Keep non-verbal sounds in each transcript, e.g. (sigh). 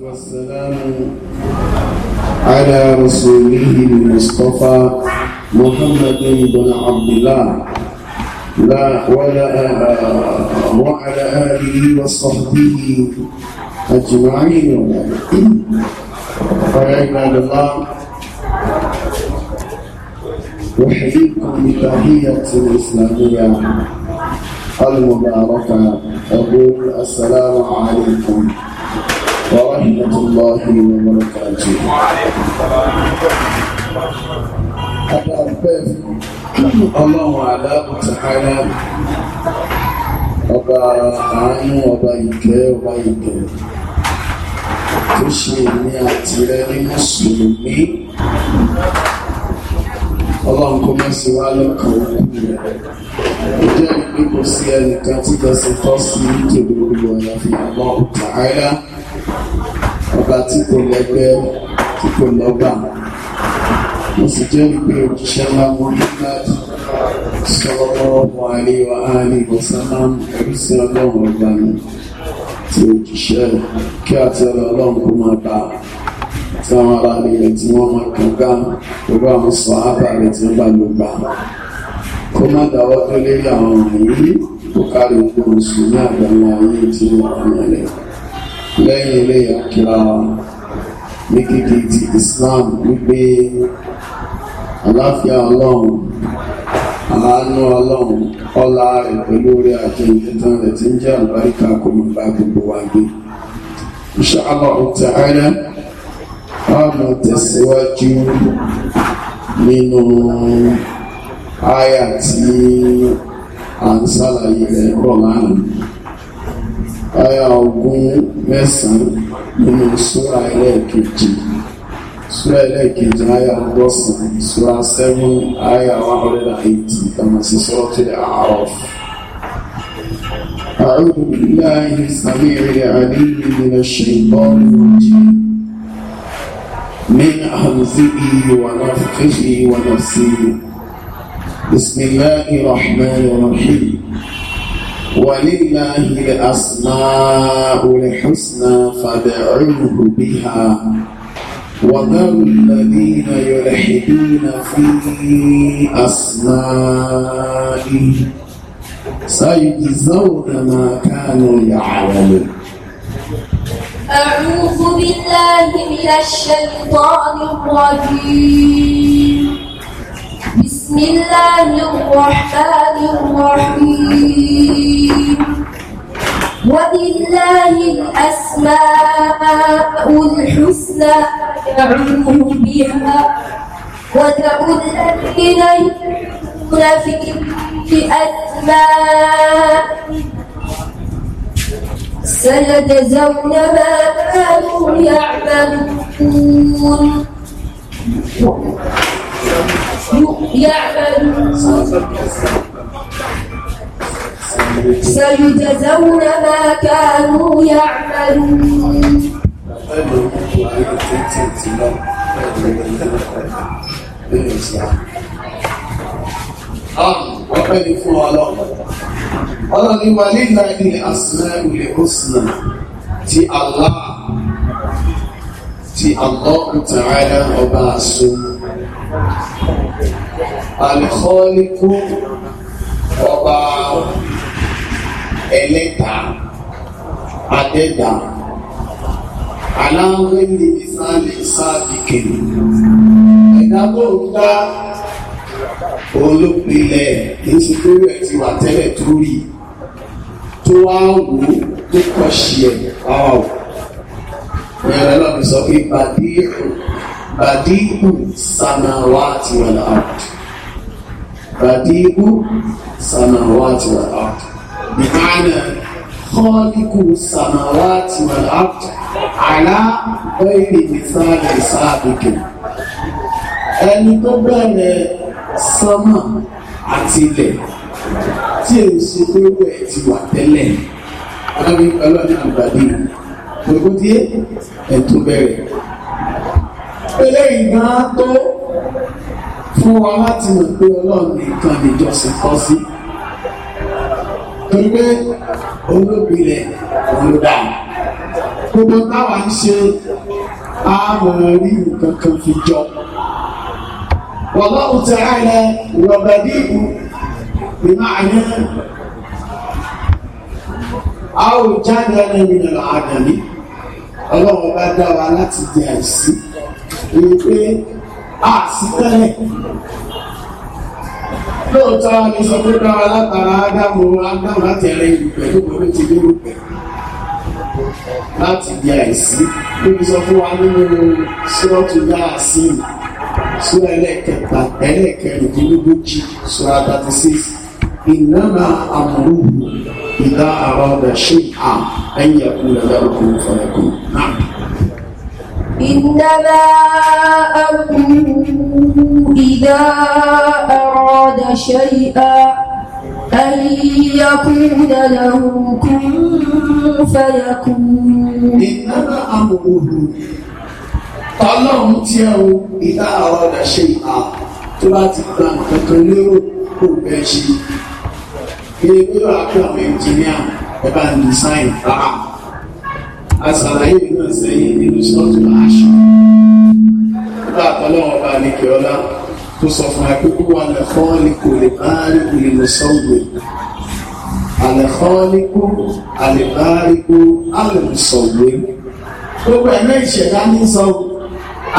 والسلام على رسوله المصطفى محمد بن عبد الله لا ولا وعلى آله وصحبه أجمعين إلا الله أحييكم بتحية الإسلامية المباركة أقول السلام عليكم ورحمة الله وبركاته Adáfẹ́ ọlọ́run Allahu Ta'ala ọba àánú ọba ìkẹ́ ọba ìkẹ́ tó ṣe ní àtìrẹ́ ní Mùsùlùmí ọlọ́run kó mọ́ sí wá lọ́kàn òkú rẹ̀. Ìjẹ́ ìpínkù sí ẹnìkan tí lọ sí tọ́ sí ìjẹ́ gbogbo ọ̀yàfihàn náà tààrà ọba tí kò lẹ́gbẹ́ tí kò lọ́gbà mo sì jẹ́ wípé òjíṣẹ́ ńlá Muhammad sọ́lọ́wọ́ àríwá àríwá sálámù ẹ̀rí sí ọlọ́run ọba ni tí òjíṣẹ́ kí àti ọ̀rọ̀ ọlọ́run kó máa bá tí àwọn ará rẹ̀ tí wọ́n máa kàn gá pẹ̀lú àwọn sọ ábà rẹ̀ tí wọ́n bá lò gbà kó má dáwọ́ tó lérí àwọn ọ̀rọ̀ yìí kó kárí ogun mùsùlùmí àgbà wọn ayé tí wọ́n wà nílẹ̀. lẹ́yìn ilé àkíra ní kíkì Islam wípé àláfíà ọlọ́run àánú ọlọ́run ọlá rẹ̀ pẹ̀lú orí àti ìtẹ́tàn rẹ̀ tí ń jẹ́ gbogbo wa gbé inshallah ta'ala ọmọ tẹ̀síwájú nínú àyà tí à ń aya ogún mẹ́sàn-án nínú súra ẹlẹ́ẹ̀kejì súra ẹlẹ́ẹ̀kejì aya ọgọ́sàn-án súra 7 aya 180 kama sí sọ́tẹ̀ àárọ̀ أعوذ بالله السميع العليم من الشيطان الرجيم من همزه ونفخه ونفسه بسم الله الرحمن الرحيم ولله الأسماء الحسنى فادعوه بها وذروا الذين يلحدون في أسمائه سيجزون ما كانوا يعملون أعوذ بالله من الشيطان الرجيم بسم الله الرحمن الرحيم ولله الأسماء الحسنى فاعوذ بها وادعوا الذين يؤمنون في أسماء سيجزون ما كانوا يعملون يعملون سيجزون ما كانوا يعملون ọpẹ́ ni fún ọlọ́pàá ọlọ́ni wà nílá ní àsìlẹ̀ ilẹ̀ òsìnà ti Allah ti Allah ta'ala ọba àṣọ alikọ́ọ́líkú ọba ẹlẹ́ta adẹ́dà aláwọ̀ ní ìsáàlẹ̀ sáàbìkẹ̀ ẹ̀dá tó ń dá olópinlẹ̀ níṣẹ́ tó rẹ̀ ti wà tẹ́lẹ̀ tó rí tó wá wò ó tó kọ́ ṣe ẹ̀ pàwọ̀ ìyẹn lọ́nà sọ pé bàdíhù bàdíhù sàmáwá àti wàlàhùn رقيب السماوات والأرض بمعنى خالق السماوات والأرض على غير مثال سابق ẹni tó bẹ̀rẹ̀ sánmà àti ilẹ̀ tí èyí ṣe pé ó ẹ̀ ti wà tẹ́lẹ̀ ọlọ́bí ọlọ́dún àgbàdì gbogbo díẹ̀ ẹ̀ tó bẹ̀rẹ̀ eléyìí máa tó fún wa láti mọ̀ pé ọlọ́run nìkan níjọsìn kọ́ sí torí pé olóbìnrin olódà gbogbo táwa ń ṣe àmọ̀ rí nǹkan kan fi jọ wọ́lọ́hùn ti ráìlẹ̀ rọ̀bẹ̀dìbù ìmọ̀ àyè a ò jáde ẹni ìrìnà àdàní ọlọ́run bá dá wa láti di àìsí èyí pé àti tẹ́lẹ̀. Lóòótọ́ ni sọ pé dára látara Ádámù Ádámù láti ẹ̀rẹ́ ìrùpẹ̀ tó kọ́ ló ti ní ìrùpẹ̀ láti di àìsí. Níbi sọ fún wa nínú Sọ́ọ̀tù Yáàsìn, Sọ́ọ̀ ẹlẹ́kẹta, ẹlẹ́kẹrìndínlógójì, Sọ́ọ̀ thirty six. Ìnáma àmúrú ìdá àwọn ọ̀dà ṣe àm ẹ̀yìn ẹ̀kú òkú fọlẹ́kùn náà. إنما أمره إذا أراد شيئا أن يكون له كن فيكون إنما أمره Ọlọ́run tí ẹ wo ìdá àwọn ọ̀dà ṣe ìhà tó bá ti gba nǹkan lérò kò bẹ́ẹ̀ ṣe. Ilé ìgbéyàwó àpò àwọn ẹ̀ bá ń dísáìn rárá àṣàlàyé náà sẹ́yìn nínú sọ́ọ̀tù àṣà nígbà àtọ́lọ́wọ́ bá ní kíọ́lá tó sọ fún wa pé kó wà lẹ́kọ́ ní kò lè bá rí kò lè lọ sọ́ọ̀gbẹ̀ àlẹ́kọ́ọ́líkú àlẹ́báríkú àlẹ́mùsọ̀gbẹ̀ gbogbo ẹ̀mẹ́ ìṣẹ̀dá ní sọ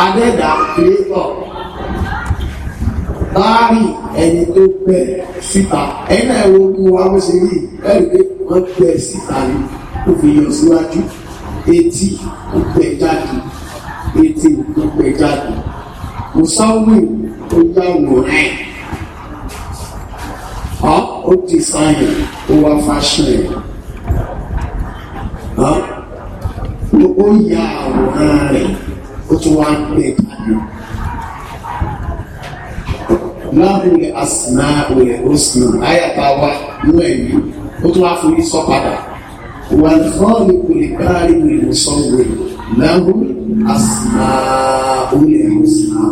adẹ́dà kìrìtọ̀ láàrí ẹni tó gbẹ síta ẹ̀yìn náà ẹ̀wọ̀n mú wa ṣe rí ẹ̀rí pé wọ́n gbẹ síta ni kò fi yọ síwájú. eti ìpè jáde etí jáde musawu ọ ó ti sáyẹn ó wá fáṣọ ẹ ó ya àwòrán rẹ otu tún wá gbé jáde láwùlẹ̀ àsìnà òlẹ̀ òsìnà ayàtà wa nínú ẹ̀mí ó tún wá والخالق الكائن المصور له الاسماء الحسنى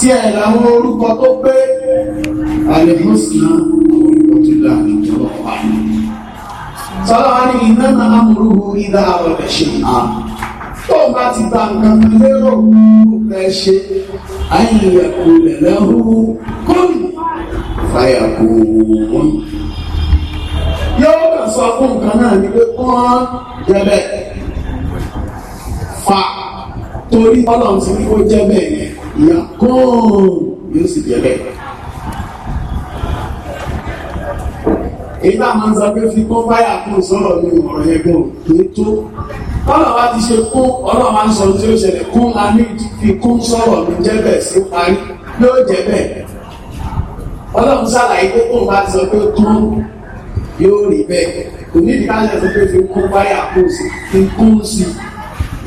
tí ẹ làwọn orúkọ tó pé alẹ́mọ́sánà orúkọ tó láàrin ìjọba wà ní sọ́lọ́wà ní ìnáná amúrúhu ìdá àwọn ẹ̀ṣẹ̀ náà tó bá ti ta nǹkan kan lérò lóòpẹ́ ṣe ayẹyẹ kò lẹ̀lẹ́hùn kọ́ọ̀lù fàyàkùn wọn sọ fún nǹkan náà ní pé wọ́n jẹ́bẹ̀ fa torí ọlọ́run sí ní ó jẹ́bẹ̀ yẹn ìyá kóòrùn yóò sì jẹ́bẹ̀. èyí máa ń sọ pé fi kún fáyà kún sọ̀rọ̀ ní ọ̀rọ̀ yẹn gan kì í tó ọlọ́run bá ti ṣe kún ọlọ́run ń sọ tí ó ṣẹlẹ̀ kún la fi kún sọ̀rọ̀ ní jẹ́bẹ̀ sí parí yóò jẹ́bẹ̀ ọlọ́run ṣàlàyé pé kóun bá ti sọ pé kún yóò rí bẹ́ẹ̀ kò ní ìdíkàlẹ̀ tó pé fi kún bá yàkún sí fi kún sí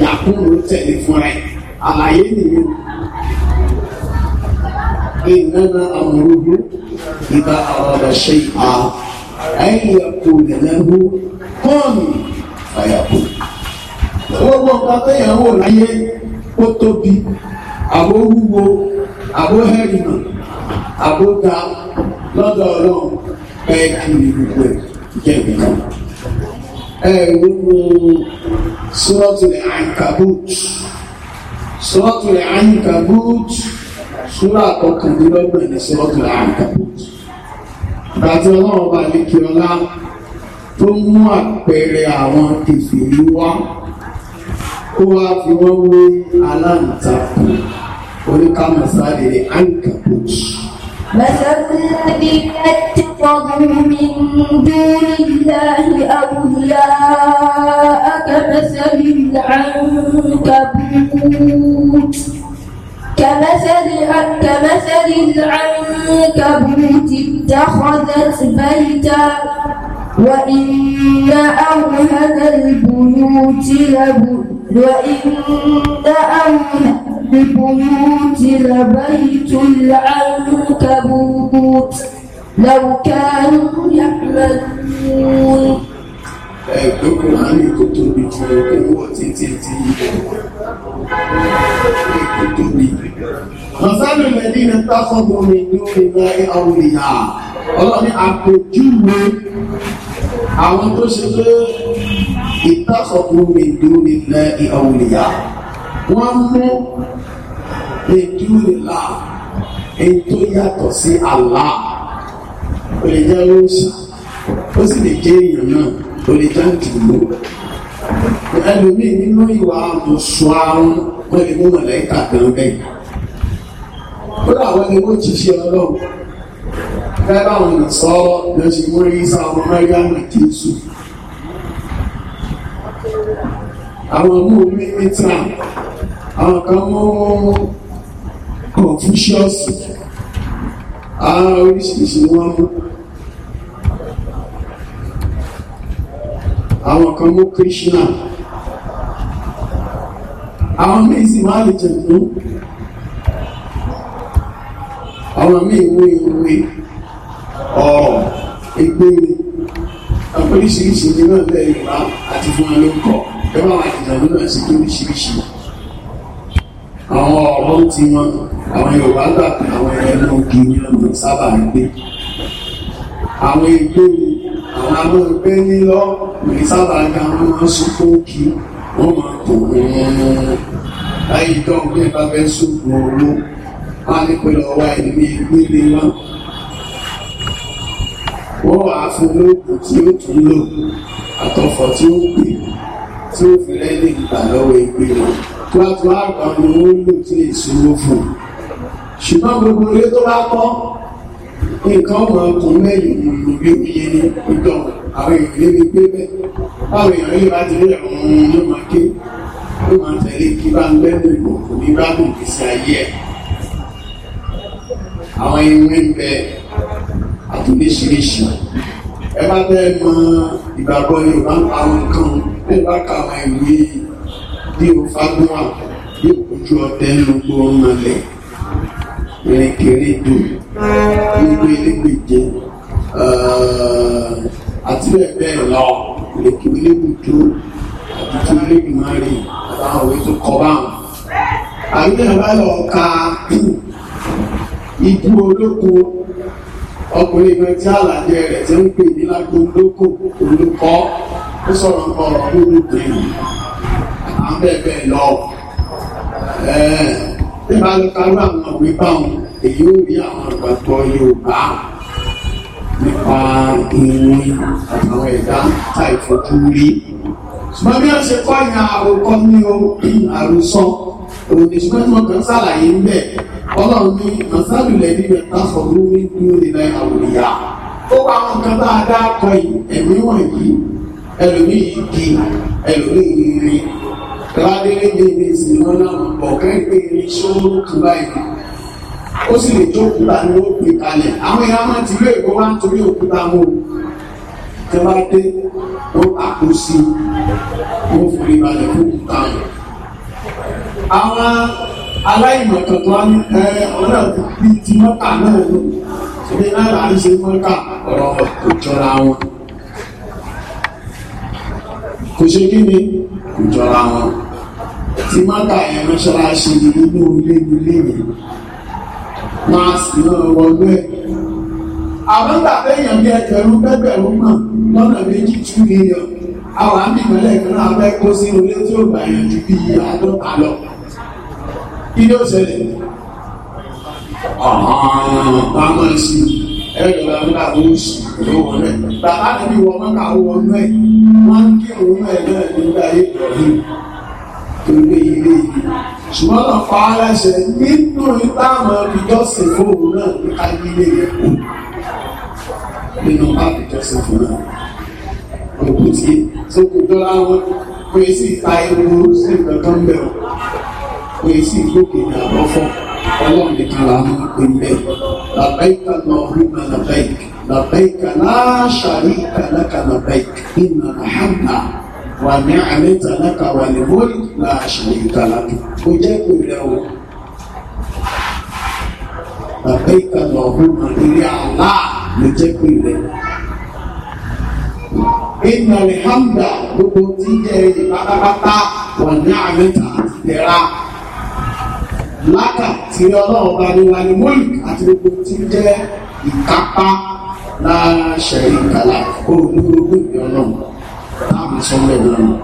yàkún ló tẹ̀lé fúnra ẹ̀ àlàyé nìyẹn ìnáná àmúrúgbó ìbá àwọn ọ̀ṣẹ́ ìhà ẹ̀yìn ẹ̀kọ́ ìdẹ̀lẹ́gbó kọ́ọ̀nù fàyàkó. gbogbo nǹkan téèyàn wò láyé ó tóbi àbó wúwo àbó hẹ́rìmọ̀ àbó ga lọ́dọ̀ ọlọ́run ẹ kiri gbogbo ẹ gẹ̀gẹ̀ ẹ gbogbo sọ́tùlẹ̀ ankabut sọ́tùlẹ̀ ankabut súrà kọkàndínlọ́gbọ̀n ní sọ́tùlẹ̀ ankabut gbàtí ọlọ́run bá lè kí ọlá tó mú àpẹẹrẹ àwọn kèfèrí wá ó wá fi wọ́n wé aláǹtakùn oníkàmọ̀sáde ankabut. Bàtà fún mi ní ẹjọ́. اتخذوا من دون الله أولياء كمثل العنكبوت كمثل كمثل العنكبوت اتخذت بيتا وإن أوهن البيوت وإن أوهن البيوت لبيت العنكبوت لو كانوا يعلمون ẹgbẹ́ kùránì tó tóbi ju ẹgbẹ́ wọ̀ títí tí ẹgbẹ́ tóbi. Mọ̀sálù lẹ́dí ní táfọ́gbọ̀ mi ní ìgbà àwọn èèyàn. Ọlọ́ni àpèjúwe àwọn tó ṣe pé ìtàkọ̀gbọ̀ mi ní ìgbà àwọn èèyàn. Wọ́n mú èdúrà ètò yàtọ̀ sí Allah ó lè jẹ́ lóòsà ó sì lè jẹ́ èèyàn náà ó lè jẹ́ àdúgbò ẹlòmíì nínú ìwà àmọ̀sùn àrùn wọ́n lè mú mọ̀lẹ́kà gan bẹ́ẹ̀ ó dàwọn ẹni wọ́n ti ṣe ọlọ́run fẹ́ báwọn nà sọ ló ṣe mú rí sá ọmọ mẹ́ríàmù jésù àwọn mú omi mítà àwọn kan mú Confucius àwọn oríṣiríṣi wọn mú. àwọn kan mú Krishna àwọn míì sì máa lè jẹ̀dú àwọn míì mú ìwé ọ̀rọ̀ ìgbéni oríṣiríṣi ní náà lẹ́ ìwà àti fún alókọ̀ ẹwà àtìjàdú náà sí tó oríṣiríṣi àwọn ọ̀rọ̀ tí wọn àwọn Yorùbá gbà pé àwọn ẹ̀yẹ náà kì í ní ọ̀nà sábà ń gbé àwọn ìgbéni àwọn ìgbé nílọ ìsábà ga wọn máa sókó kí wọn máa kò láyé ìjọ òkè bá fẹ́ sókó owó wọn ní pé lọ ẹ̀mí nílé náà wọ́n wàá fún lóògùn tí ó tún lò àtọ̀fọ̀ tí ó pè tí ó fi rẹ́lì ìgbà lọ́wọ́ ẹgbẹ́ wọn tó àgbà ni wọ́n lò tí èso ló fún un ṣùgbọ́n gbogbo ilé tó bá kọ́ nǹkan ọmọ ọkùn mẹ́yìn olùgbégbéye ní ìjọ àwọn èèyàn lè gbé bẹ́ẹ̀ báwọn èèyàn yìí bá ti rí àwọn ohun ló máa ké ló máa tẹ̀lé kí bá ń bẹ́ẹ̀ lè lò kò ní bá gùn kìsì ayé ẹ̀ àwọn ewé ń bẹ àtúndéṣiríṣi ẹ bá bẹ́ẹ̀ mọ ìgbàgbọ́ Yorùbá ń pa àwọn nǹkan ẹ bá ka àwọn ìwé bí o fagbọ́n àpò bí òkújú ọdẹ ń lo gbọ́ ọmọ lẹ́yìn. erékerédò gbogbo elégbèje eh, àti bẹ́ẹ̀ bẹ́ẹ̀ lọ ìrèkèrè lébùdó àti tí olódùmarè àwọn tó kọ báwọn. àbíkẹ́ ẹ̀ bá lọ ka ibú olóko ọkùnrin kan tí àlàjẹ rẹ̀ ti ń pè ní ó nǹkan yìí àwọn lọ. Eh, tí bá ń karú àwọn òwe báwọn èyí ó rí àwọn àgbàtọ Yorùbá nípa ìrìn àwọn ẹ̀dá àìfojú rí. ṣùgbọ́n bí wọ́n ṣe kọ́ ìyá àròkọ ní o àròsọ òní ṣùgbọ́n tí wọ́n kàn ṣàlàyé ń bẹ̀ ọlọ́run ní màsálùlẹ̀ níbẹ̀ táfọ̀ lórí ní ó lè la àwọn ìyá. ó wá àwọn kan bá a dá akọ ẹ̀mí wọ̀nyí ẹlòmíì di ẹlòmíì rí ládélé dédé ìsìnkú náà ọ̀kẹ́ pé ní ṣòro tó báyìí ó sì lè tó òkúta ní ó pè kalẹ̀ àwọn èèyàn máa ti lé èkó máa ń torí òkúta mú o tó bá dé ó àpò sí i ó fi balẹ̀ fún òkúta rẹ̀. àwọn aláìmọ̀ tuntun ẹ ọ̀nà bíi ti mọ́tà náà ló ṣe náà là ṣe mọ́tà ọ̀rọ̀ kò jọra wọn. kò ṣe kí ni kò jọra wọn tí mọ́tà yẹn mọ́ṣáláṣí ni nínú ilé ilé yẹn máàsì náà wọlé ẹ̀ àwọn ìgbà téèyàn bí ẹgbẹ̀rún bẹ́gbẹ̀rún mọ̀ lọ́nà méjì tú nìyẹn àwọn àmì ìpínlẹ̀ kan náà fẹ́ kó sí ilé tí ó gbà yẹn ju bí àádọ́ta lọ kí ló ṣẹlẹ̀ ọ̀hán táwọn ẹ̀sìn ẹ̀rọ ìgbà tó ń sùn ló wọ náà bàbá àbí wọ mọ́kà wọ náà wọ́n ń kírun náà náà nígbà yìí lọ́rùn tó lé ilé yìí ṣùgbọ́n náà fa ara ṣe nínú ìbámu ìjọsìn fóònù náà ní kájílé yẹn kú nínú pápá ìjọsìn fóònù náà òkú tí tó kò dọ́là wọn pé sí ìta ewu sí ìgbẹ̀tọ́ ń bẹ̀rù pé sí ìgbókè ní àbọ̀fọ́ ọlọ́run nìkan làwọn ń pè ń bẹ̀ làbẹ́ìkà lọ́ọ́ rí màlàbẹ́ìkì. لبيك لا شريك لك لبيك إن الحمد ونعمت لك والملك لا شريك لك وجاك له لبيك اللهم إلي الله وجاك له إن الحمد gbogbo tí jẹ́ èyí pátápátá wọ̀ ní àmìta àti ìdẹ̀ra látà tí ọlọ́run bá ní wa ní àti gbogbo tí jẹ́ ìkápá láàṣẹ ìkàlà kó olúorogún ìbí ọlọ́run táàmù sọ́nbẹ̀ lọ́nà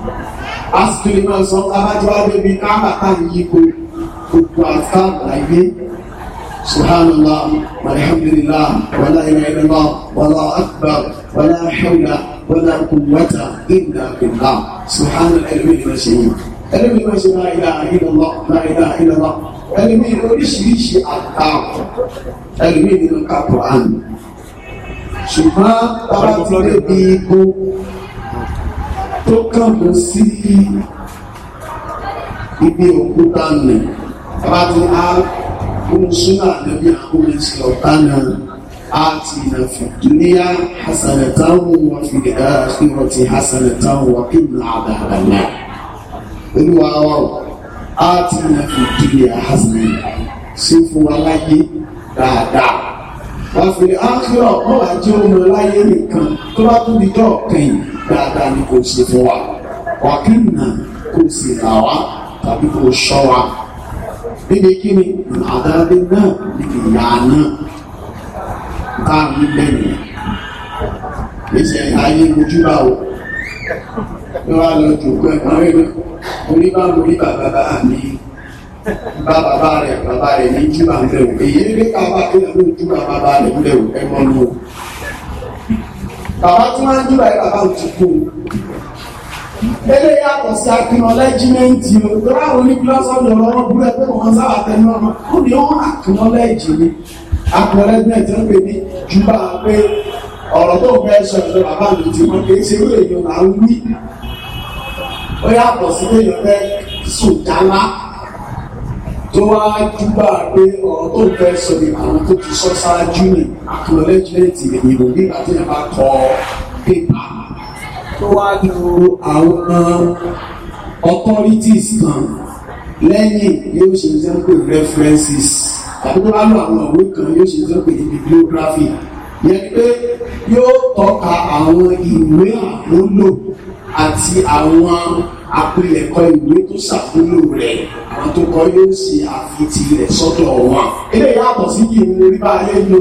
a sì tún lè máa sọ abájọ wa débi káàbà táàmù gbogbo àtàbà ayé سبحان الله والحمد لله ولا إله إلا الله ولا أكبر ولا حول ولا قوة إلا بالله سبحان العلمين المسيح ẹlẹ́mi máa ṣe láì dáa ìlọ́lọ́ láì dáa ìlọ́lọ́ ẹlẹ́mi oríṣiríṣi àtàkùn ẹlẹ́mi nínú kápọ̀ ṣùgbọ́n bàbá ti lè di ipò tó kàn mọ́ sí ibi òkúta nì bàbá ti á ohun súnà lórí àwọn ẹ̀sìn ọ̀tá náà á ti nà fìdúníyà hasanẹ̀táwò wọn fi lè dára sí wọn ti hasanẹ̀táwò kí n àdàdà náà olúwa wa á ti nà fìdúníyà hasanẹ̀táwò sí fún wa láyé dáadáa àfìrí ákírọ̀ náà wá jẹ́ ọmọ láyé nìkan tó bá tún di dọ́ọ̀ kẹyìn dáadáa ni kò ṣe fún wa wàkínà kò sì là wá tàbí kò ṣọ́ wa níbi kí ni àdáadé náà níbi ìyá náà káàrin lẹ́yìn ìṣẹ̀ ayé ojúbà o ló wá lọ jù pé ọ̀rẹ́ mi orí bá mo rí bàbá bá mi bá bàbá rẹ̀ bàbá rẹ̀ ní júbà ń bẹ̀rù èyí ní kábà kí ló ń júbà bàbá rẹ̀ ń bẹ̀rù ẹ mọ́ lò. bàbá tí wọ́n ń júbà yìí bàbá ti kú. eléyà kò sí akínà lẹ́jìmẹ́ǹtì o lọ́wọ́ àwọn onígbìlọ́sọ̀ lọ́rọ́ búrẹ́ pé wọ́n sábà tẹnu ọ̀nà kó ní wọ́n akínà lẹ́jì ni akínà lẹ́jìmẹ́ǹtì ń pè ní júbà pé ọ̀rọ̀ tó fẹ́ sọ ìjọ bàbá mi ti mọ́ kìí ṣe wíwèé yọ là ń wí ó yàtọ̀ sí pé yọ fẹ́ sùn dáná tó wá júbà pé ọ̀rọ̀ tó ń fẹ́ sọ ní àwọn tó ti sọ ṣáájú ní àkọlẹ́jìmẹ́ǹtì ìdìbò nígbà tí wọ́n bá kọ pépà tó wá ju àwọn authorities kan lẹ́yìn yóò ṣe ń sẹ́ńpè references tàbí tó bá lọ àwọn òwe kan yóò ṣe ń sẹ́ńpè bibliography yẹn pé yóò tọ́ka àwọn ìwé àmúlò àti àwọn àpilẹ̀kọ ìwé tó ṣàmúlò rẹ̀ àwọn tó kọ yóò ṣe àfitì rẹ̀ sọ́dọ̀ wọn. ilé yàtọ̀ sí kí n rí bá ayé lò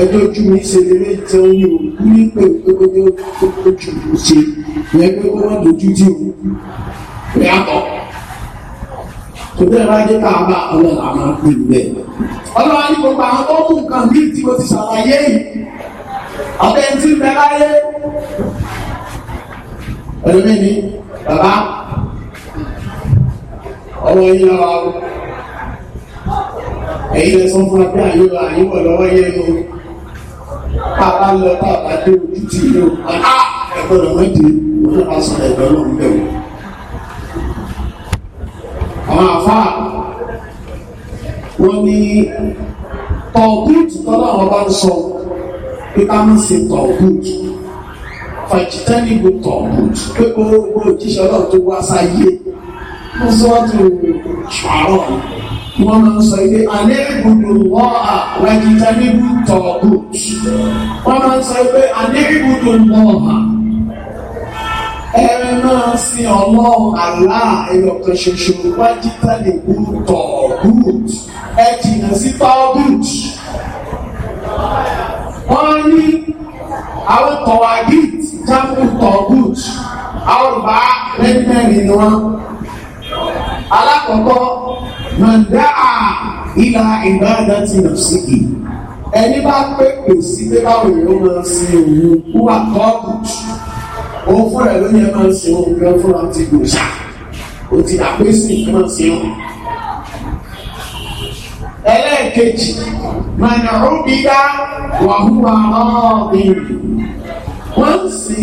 ẹjọ́ ojú mi ṣe eré tẹ omi òkú ní pé òkúté ojú mi ṣe ìyẹn pé kó wọ́n dojú dì ó ní àtọ̀. kò tẹ́ bá jẹ́ káà bá ọlọ́run àwọn pè bẹ́ẹ̀. ọlọ́run ní gbogbo àwọn tó mú nǹkan bí tí mo ti ṣàlàyé yìí ọ̀bẹ tí ń bẹ láyé. ẹ̀rọ mi ni bàbá ọwọ́ yín lọ́wọ́ èyí lè sọ fún ẹgbẹ́ àyíwá àyíwọ̀ lọ́wọ́ yẹn lọ bàbá lọ bàbá dé ojú ti ìlú ẹgbẹ́ lọ́wọ́ di ojú bá sọ ẹgbẹ́ lọ́wọ́ ń bẹ̀rù. àwọn àfa wọn ní tọ̀gùtù tọ́lá àwọn bá ń sọ pé ká má ṣe tọ̀gùtù fàjítẹ́nìgbò tọ̀gùtù pé o òjíṣẹ́ ọlọ́run tó wá sáyé ní sọ́ọ̀tù ṣàrọ̀ wọ́n máa ń sọ ilé alẹ́ ìbùdó wọ́n à wájúta níbi tọ̀ọ̀bù wọ́n máa ń sọ pé alẹ́ ìbùdó wọ́n à ẹ máa sin ọlọ́run àlá ẹyọ̀kan ṣoṣo wájúta níbi tọ̀ọ̀bù ẹ jìnnà sí tọ̀ọ̀bù wọ́n ní àwọn tọ̀wàgìtì jáfù tọ̀ọ̀bù àwọn bá lẹ́gbẹ̀rin wọn alákọ̀ọ́kọ́ nàndá à ìlà ìbáradá ti nà sí i ẹni bá pèpè sí pé báwo ni ó máa sin òun wúwà kọ́ọ̀bù òun fúnra ẹ̀ ló yẹ máa sin òun gan fúnra ti gbòòsà ó ti dàpé sí nǹkan sí òun. ẹlẹ́ẹ̀kejì mànà ó bí dá wàhúwà wọ́n sì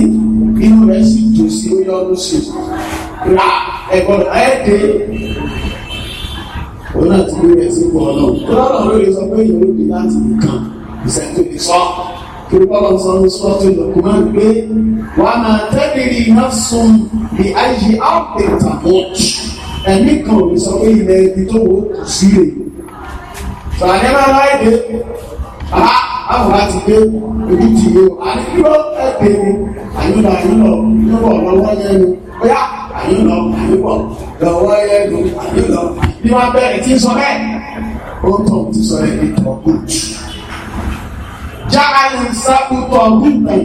inú rẹ̀ sì tòsí ó yọ ọdún sí i ẹ̀gbọ́n ayẹ́dẹ́ òun náà ti rí ẹ̀sìn pọ̀ náà lọ́rọ̀ lórí sọ pé yóò di láti nìkan ìṣẹ́jú lè sọ kí bọ́lá sọ ní sọ́ọ̀tì lọ́kùnrin gbé wàá máa tẹ́lẹ̀ iná sun bí ayé ápè tàbọ̀tì ẹ̀mí kan ò lè sọ pé ilẹ̀ ibi tó wò kù sí rè sọ̀rọ̀ máa láì dé àwọn àti dé ojú ti yé o àdúgbò ẹ̀dẹ̀ ni àyùnà àyùnà lọ́wọ́ lọ́wọ́ yẹn ni ó yá àyílọ àyíbọ̀ lọ́wọ́ ẹnu àyílọ bí wọ́n bẹ̀rẹ̀ tí ń sọ bẹ́ẹ̀ ó tọ̀ ti sọ ẹ̀ ìtọ̀ kù. jáàlù sábùtọ̀ gùnkù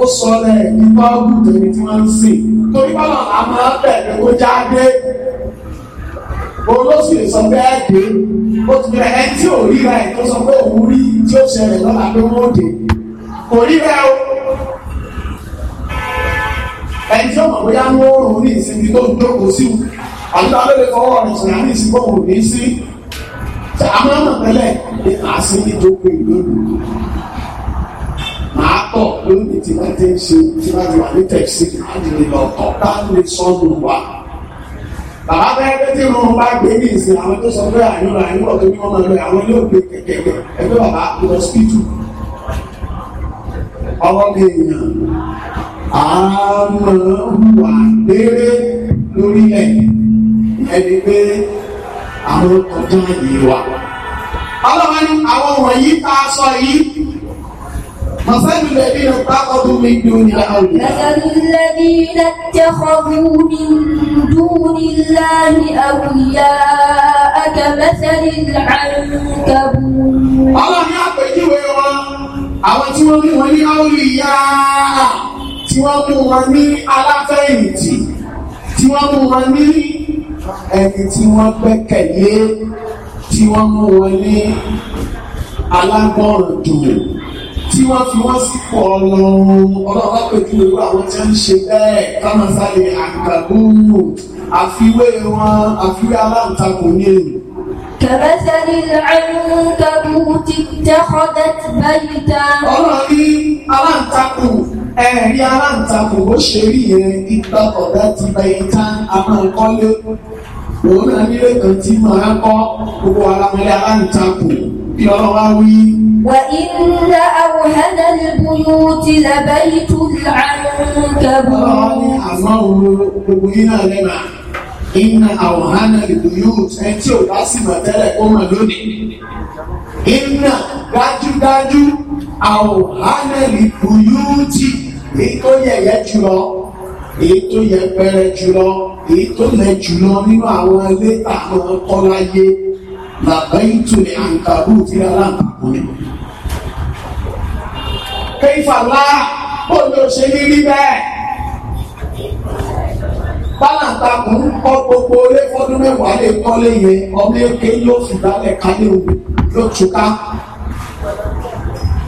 ó sọ ẹ̀ ìtọ̀ gùnkù ní tí wọ́n ń sìn torí bọ́lá a máa bẹ̀rẹ̀ ó jáde olóṣù sọ bẹ́ẹ̀ dé ó ti bẹ̀rẹ̀ ẹ tí ò ríra ẹ̀ tó sọ pé òun rí tí ó ṣẹlẹ̀ lọ́la pé wọ́n dé kò ríra o ẹni tí ọmọ bóyá ń wọ́ọ̀rùn ní ìsinmi tó ń jókòó sí àdúrà lórí fọwọ́ rẹ̀ sìn àní ìsìnkú òun ní sí àmọ́ àmọ̀ tẹ́lẹ̀ ní àsìn ìjókòó ìlónìí màá tọ̀ lónìí tí wọ́n ti ń ṣe tí wọ́n ti wà ní tẹ̀sí àdìrí lọ tọ́ bá lè sọ́nù wa bàbá bẹ́ẹ̀ pé tí wọn bá gbé ní ìsìn àwọn tó sọ pé àyùnrà àyùnrà tó ní wọn máa lọ àwọn yóò gbé kẹ̀kẹ́ ẹgbẹ́ bàbá lọ sípìtù ọwọ́ bí èèyàn àmọ́ hùwà péré lórílẹ̀ ẹni pé àwọn ọjọ́ yìí wà. ọlọ́run ní àwọn wọ̀nyí tá a sọ yìí. مثل الذين اتخذوا من دون الله مثل الذين اتخذوا من دون الله أولياء كمثل العنكبوت. الله يعطيك ويرى أو تقول لي أولياء tí wọ́n mú wọn ní aláfẹ̀yìntì tí wọ́n mú wọn ní ẹni tí wọ́n gbẹ́kẹ̀lé tí wọ́n mú wọn ní alágbọ̀ràn dùn tí wọ́n fi wọ́n sípò ọlọ́run ọlọ́run pẹ̀lú ewu àwọn tí wọ́n ń ṣe bẹ́ẹ̀ kámasálẹ̀ àgbàgbọ́nù àfiwé wọn àfiwé aláǹtakùn ní èlò. كمثل العنكبوت اتخذت بيتا ẹ̀rí aláǹtakò ó ṣe rí yẹn ipa ọ̀dà ti bẹ ìta amáǹkọ́lé òun náà nílé kan tí màá kọ́ gbogbo alámọ̀lẹ́ aláǹtakò bí ọlọ́wà wí. wà ìnà àwòhánà ní buyú ti làbẹ́ ìtú àlùkàbù. ọlọ́wà ní àmọ́ òru gbogbo yín náà lẹ́nà ìnà àwòhánà ní buyú ẹ tí ò bá sì mọ̀ tẹ́lẹ̀ ó lónìí. ìnà dájúdájú àwòhánà ní buyú ti èyí tó yẹ̀yẹ́ jùlọ èyí tó yẹpẹrẹ jùlọ èyí tó lẹ jùlọ nínú àwọn ilé àwọn kọ́láyé làbẹ́yìn tó ní àǹkàbù tí aláǹkàbù ni. kéfàlá bó ló ṣe ní rí bẹ́ẹ̀ bálàǹtakùn kọ́ gbogbo ilé fọ́dún mẹ́wàá lè kọ́lé yẹn ọmọ èké yóò fi dálẹ̀ kálé yóò túká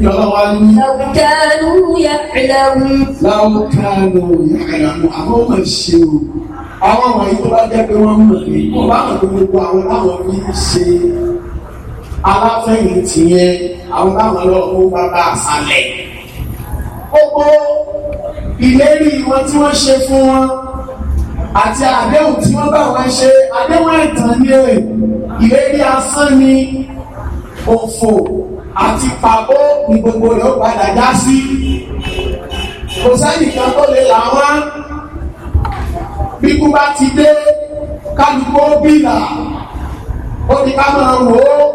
لو كانوا يعلمون لو كانوا يعلمون àwọn ọmọ ìṣe o àwọn ọmọ yìí tó bá jẹ́ pé wọ́n mọ̀ ní kó bá wọn tó gbogbo àwọn táwọn fi ń ṣe aláfẹ̀yìntì yẹn àwọn táwọn lọ kó bàbá àṣálẹ̀ gbogbo ìlérí wọn tí wọ́n ṣe fún wọn àti àdéhùn tí wọ́n bá wọn ṣe àdéhùn ẹ̀tàn ní ìlérí asán ni òfò àti pàbó ní gbogbo rẹ̀ ó padà já sí kò sẹ́nìkan tó lè là wọ́n bíkú bá ti dé kálukó bìlà ó ní ká máa wò ó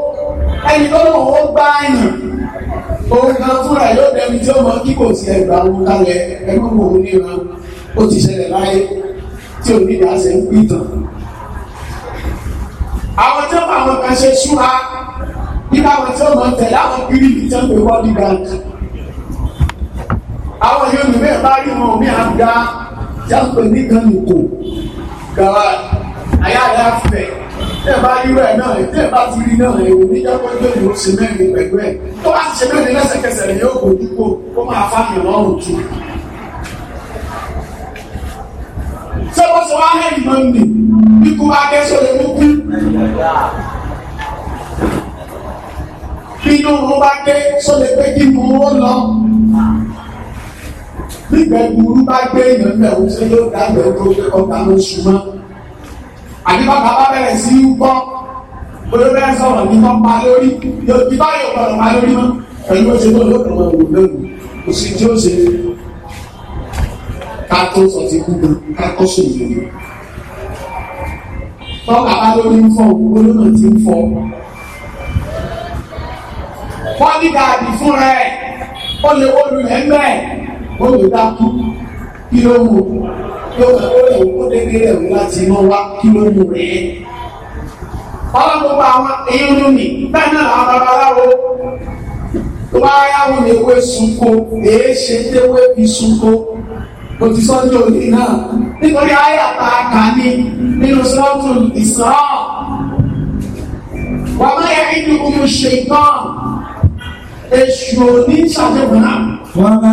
ẹni tó lòun ó gbá ẹ̀yìn òun kan fúnra yóò dẹni tí ó mọ kí kò sí ẹgbàá òun kalẹ̀ ẹgbẹ́ òun níran ó ti ṣẹlẹ̀ láyé tí onídàá ṣe ń pìtàn àwọn tí ó máa wọn kan ṣe ṣúra nípa àwọn tí wọ́n máa ń tẹ̀lé àwọn kiri ní tí wọ́n pè wọ́ọ̀dì bank. àwọn yóò ní bẹ́ẹ̀ bá rí wọn omi àga jápẹ̀ ní kánìkò gàrà àyàrá fẹ̀ tẹ́ bá rí rẹ̀ náà tẹ́ bá ti rí náà ẹ̀ òní jápẹ́ tó yóò ṣe mẹ́rin pẹ̀lú ẹ̀ tó bá ti ṣe mẹ́rin lẹ́sẹ̀kẹsẹ̀ rẹ̀ yóò kò dípò kó máa fáyàn lọ́rùn tù. sọ́kọ́sọ́ wá hẹ́ẹ̀dì mọ́ni bí kú bá kẹ́ sọ́dọ̀ ló kú bínú wọn bá dé sólè pé kí mú wọn lọ nígbà ìgbúrú bá gbé èèyàn bẹ̀ wọ́n ṣe yóò dábẹ̀ ọdún pé ọgbà ló súnmọ́ àdìbàbà bá bẹ̀rẹ̀ sí í gbọ́ olórí ẹ̀ sọ̀rọ̀ ní kan pa lórí yóò ti bá yóò gbọ́dọ̀ pa lórí mọ́ pẹ̀lú ó ṣe tó yóò kàn wọ́n wò lóru kò sí tí ó ṣe ká tó sọ ti kú gan ká tó ṣe ìlú tọ́ka bá lórí ń fọ olórí ń fọ kọ́dígàdì fúnra ẹ̀ ó lè wọlé ẹgbẹ́ ẹ̀ ó lè dákú kí ló mú yóò fẹ́ ó lè wọ́n dégbére ẹ̀rù láti inú wá kí ló mú rẹ̀ ẹ́. ọlọ́run gbogbo àwọn èyí ló nì bẹ́ẹ̀ náà àwọn babaláwo tó bá yáwó ní ewé sunko èé ṣe déwé fi sunko kò ti sọ́jọ́ òní náà nítorí àyàtà kàní nínú sọ́ọ̀tù ìsọ́ọ̀ wọ́n máa yẹ kí ni kò ṣe tán èṣù òní ṣàjọpọ̀ náà. Wàmà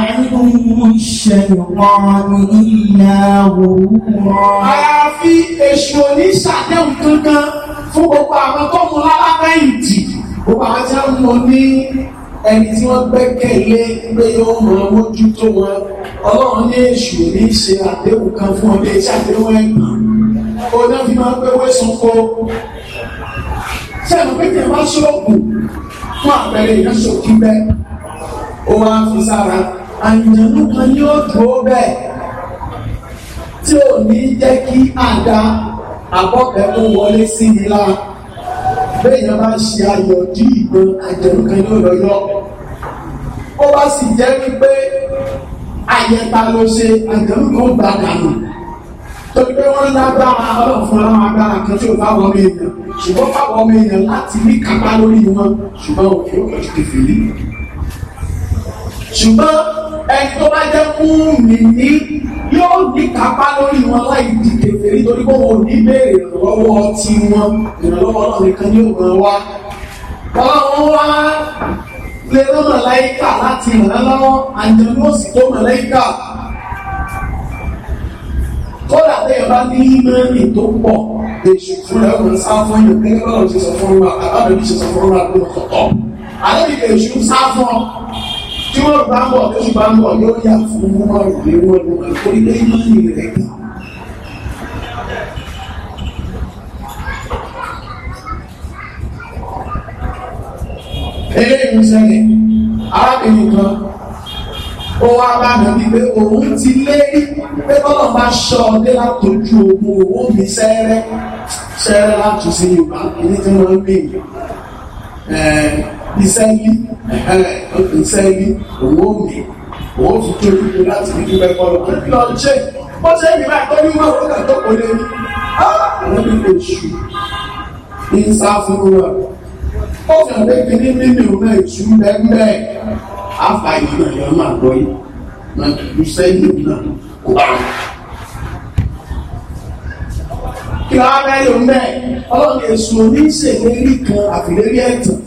àìlùmọ̀ ṣẹ̀yọ̀pọ̀nù ìlà òwúrọ̀. Àyàfi èṣù òní ṣàdéhùn kankan fún gbogbo àwọn tó mú lálábẹ́yìntì. Gbogbo àwọn tí wọ́n mú ní ẹni tí wọ́n gbẹ́kẹ̀lé pé yóò máa mójú wọn. Ọlọ́run ní èṣù òní ṣe àdéhùn kan fún ọdẹ iṣẹ́ àdéhùn ẹ̀gbọ́n. Oná fi máa ń pé wẹ́sùn kó. Ṣé àwọn pété máa ṣọ́ọ̀kù? fún àpẹẹrẹ ìránṣòkí bẹ́ẹ̀ ó wá fi sára àyànnú kan ni ó dúró bẹ́ẹ̀ tí ò ní jẹ́ kí àga àbọ̀kẹ́ tó wọlé sí ni lára bẹ́ẹ̀ yẹn bá ń ṣe ayọ̀ dí ìbọn àjẹ̀rù kan ní òlọ́yọ́ ó bá sì jẹ́ wípé àyẹ̀ta ló ṣe àjẹ̀rù kan gbà dànù torí pé wọ́n lágbára ọlọ́run fún àwọn agbára kan tí ò bá wọ́n mẹ́yìn ṣùgbọ́n bá wọ́n mẹ́yìn láti ní kápá lórí wọn ṣùgbọ́n òkè òkè ti fèlè. ṣùgbọ́n ẹni tó bá jẹ́ fún mi ní yóò ní kápá lórí wọn láì di kèfè nítorí pé wọn ò ní béèrè ìrànlọ́wọ́ ti wọn ìrànlọ́wọ́ ọlọ́run nìkan yóò ràn wá. ọlọ́run wá lè rán màláìkà láti ràn kódà bẹ́ẹ̀ bá ní ímẹ́ẹ̀lì tó pọ̀ èṣù fún ẹkùn sá fún yìí pé ọlọ́run ti sọ fún wa àbábẹ́ mi ti sọ fún wa ló kọ̀kọ́ àlẹ́bí èṣù sá fún ọ tí wọ́n bá ń bọ̀ tó ti bá ń bọ̀ yóò yà fún wọn ìwé wọn ló kà kó ilé ímẹ́ẹ̀lì rẹ̀ kà. eléyìí ń ṣẹlẹ̀ arábìnrin kan ó wá bá mi wípé òun ti lérí pé bọ́lá bá ṣọ ọdẹ látọjú ogun owó mi sẹ́rẹ́ sẹ́rẹ́ láti ṣe yorùbá èyí tí wọ́n ń gbé ìsẹ́lí ìsẹ́lí owó mi owó fi tó dúdú láti fi dúpẹ́ bọ́lá lọ ṣe ó ṣe ìgbà tó ní mọ́ òun kàtó kò lè rí ah! àwọn ní oṣù ní sáfúrú rẹ̀ ó fi hàn pé kìíní mímì òun náà ìṣú bẹ́ẹ̀ bẹ́ẹ̀ àfà yìí náà yọ náà lọ yìí náà kìí sẹ́yìn náà kò bá wọn. kí wàá bẹ́ẹ̀ ló ń bẹ́ẹ̀ ọlọ́run èso oníṣèlérí kan àfìlérí ẹ̀tàn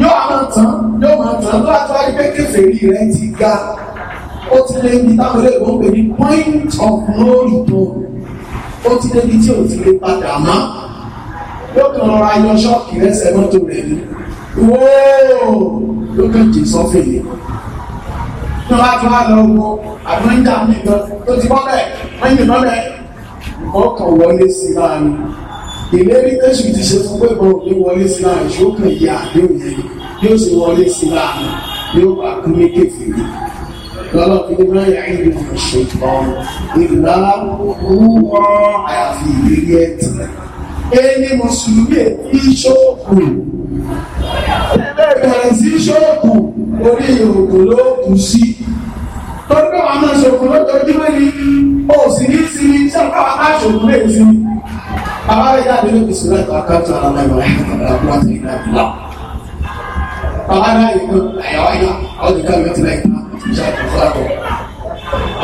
yóò máa tán yóò máa tán tó àti wáyé pé kèfèrí rẹ̀ ti ga ó ti lé ní táwọn olóògbé ń pè ní point of no return ó ti lé ní tí ò ti lè padà mọ́ yóò kàn rọra yọ ṣọ́ọ̀kì rẹ̀ sẹ́mọ́tò rẹ̀ ni wóò ló díje sọ́fèlè tí wọ́n ti wá lọ wọ àwọn nìkan tó ti bọ́lẹ̀ wọ́n yìí lọ́lẹ̀ ọkàn wọlé sí láàrin ìlérí tẹ́sù ti ṣe fún pé bọ́ọ̀ ní wọlé sí láàrin ṣókàn yìí àdéhùn yẹn yóò sì wọlé sí láàrin yóò bá kú ní kéfèé lọ́lọ́ fi ní máa yà ìlú ìṣèkọ́ ìlà owó àyàfi ìlérí ẹ̀tìlẹ̀ ẹni mùsùlùmí èyí ṣóòkù bẹ̀rẹ̀ sí ṣóòkù orí ìrògbò ló kù sí tọ́jú àwọn aṣòkù lójoojúmọ́ ni ó sì ní sí ní sẹ́kọ̀ọ́ aṣòkù lè sí bàbá rẹ̀ jáde ló kù sí lẹ́kọ̀ọ́ akáàtọ̀ àwọn ọmọ ìwà ìgbàlá àti ìgbàlá bàbá náà yìí kan àyàwó àyà àwọn ìka ìwé ti láìka ìjà ìfúra bọ̀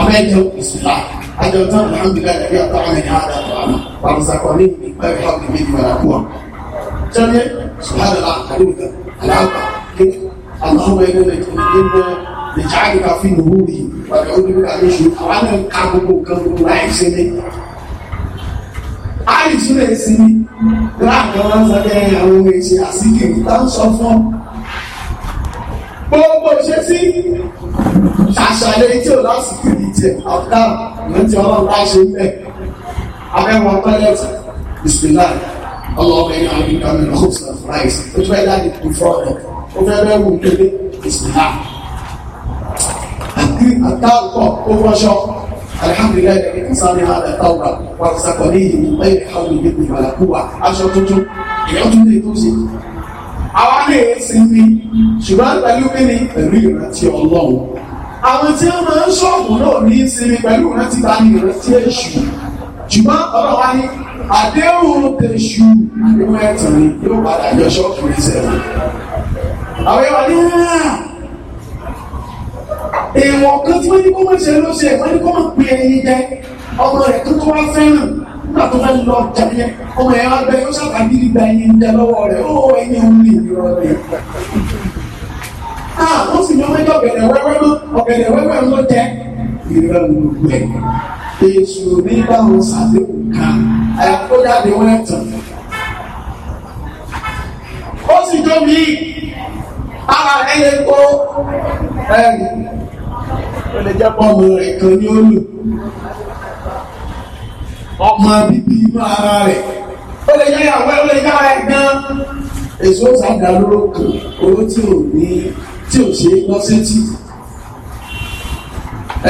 abẹ́jọ ìsìlá àjọ tán alhamdulilayi àti àtàwọn ènìyàn àdàtọ̀ àmà warzakonin min babi haɗin mini mana kuwa can ne su hada la karim da alaƙa اللهم انا نتمنى لجعلك في نوره ونعوذ بك من شرور وانا كابو كابو عايزين àìsílẹ̀ ìsinmi láàrín wọn sáré àwọn ohun èsì àsìkè tá ń sọ fún gbogbo ṣe sí àṣàlẹ̀ tí ò lásìkò ìjẹ àbúkà ló ti ọlọ́run láṣẹ mẹ́ẹ̀ abẹ́wọ̀ tọ́lẹ̀tì bismillah ọlọ́ọ̀bẹ ní àwọn ìgbà mi lọ́wọ́ sọ fúráìsì ó di láti kú fọ́ọ̀dọ̀ ó fẹ́ bẹ́ẹ̀ wù kébé bismillah àti àtàkọ̀ ó fọ́ṣọ́ alihamdulilayi ní ìsáni àdàtàwà wà sàkọ̀ ní ìlú lẹ́yìn àwọn ìlú ìbàlàkúwà aṣọ tuntun ìyọ́ tún lè tó sí àwọn lè sinmi ṣùgbọ́n pẹ̀lú kí ni pẹ̀lú ìrántí ọlọ́run àwọn tí wọ́n máa ń ṣọ́ọ̀bù náà ní sinmi pẹ̀lú ìrántí bá ní ìrántí èṣù ṣùgbọ́n ọ̀rọ̀ wa ní àdéhùn tẹ̀sù àdéhùn ẹ̀tàn ni yóò padà yọ ṣọ́ọ̀kì rẹ̀ sẹ́wọ̀n. àwọn ẹ̀wà ní hàn èèwọ̀n kan tí wọ́n ní kó máa ṣe ló ṣe wọ́n ní kó máa pe ẹyin jẹ ọmọ rẹ̀ tó tó wá fẹ́ràn nígbà tó fẹ́ lọ ọjà yẹn ọmọ ẹ̀ wá gbẹ yóò ṣàkà gidi gba ẹyin jẹ lọ́wọ́ rẹ̀ ó ẹyin òun lè rí ọ rẹ̀. àwọn sì ní ọmọ ẹjọ́ ọ̀gẹ̀dẹ̀ wẹ́wẹ́ ló ọ̀gẹ̀dẹ̀ ìrẹ̀lú rẹ̀ èsù ní báwọn sàdéhùn kan ẹ̀kọ́ jáde wọ́n ẹ̀tàn. ó sì tó bí ara ẹyẹ kó ẹ̀rì ó lè jẹ́ pọ́ọ̀mù rẹ̀ kan ní ó lù ọmọ bíbí inú ara rẹ̀ ó lè jẹ́ ìyàwó ó lè jẹ́ ara ẹ̀ gan èso sàdá lóró kan owó tí ò ní tí ò ṣe é gbọ́ sétí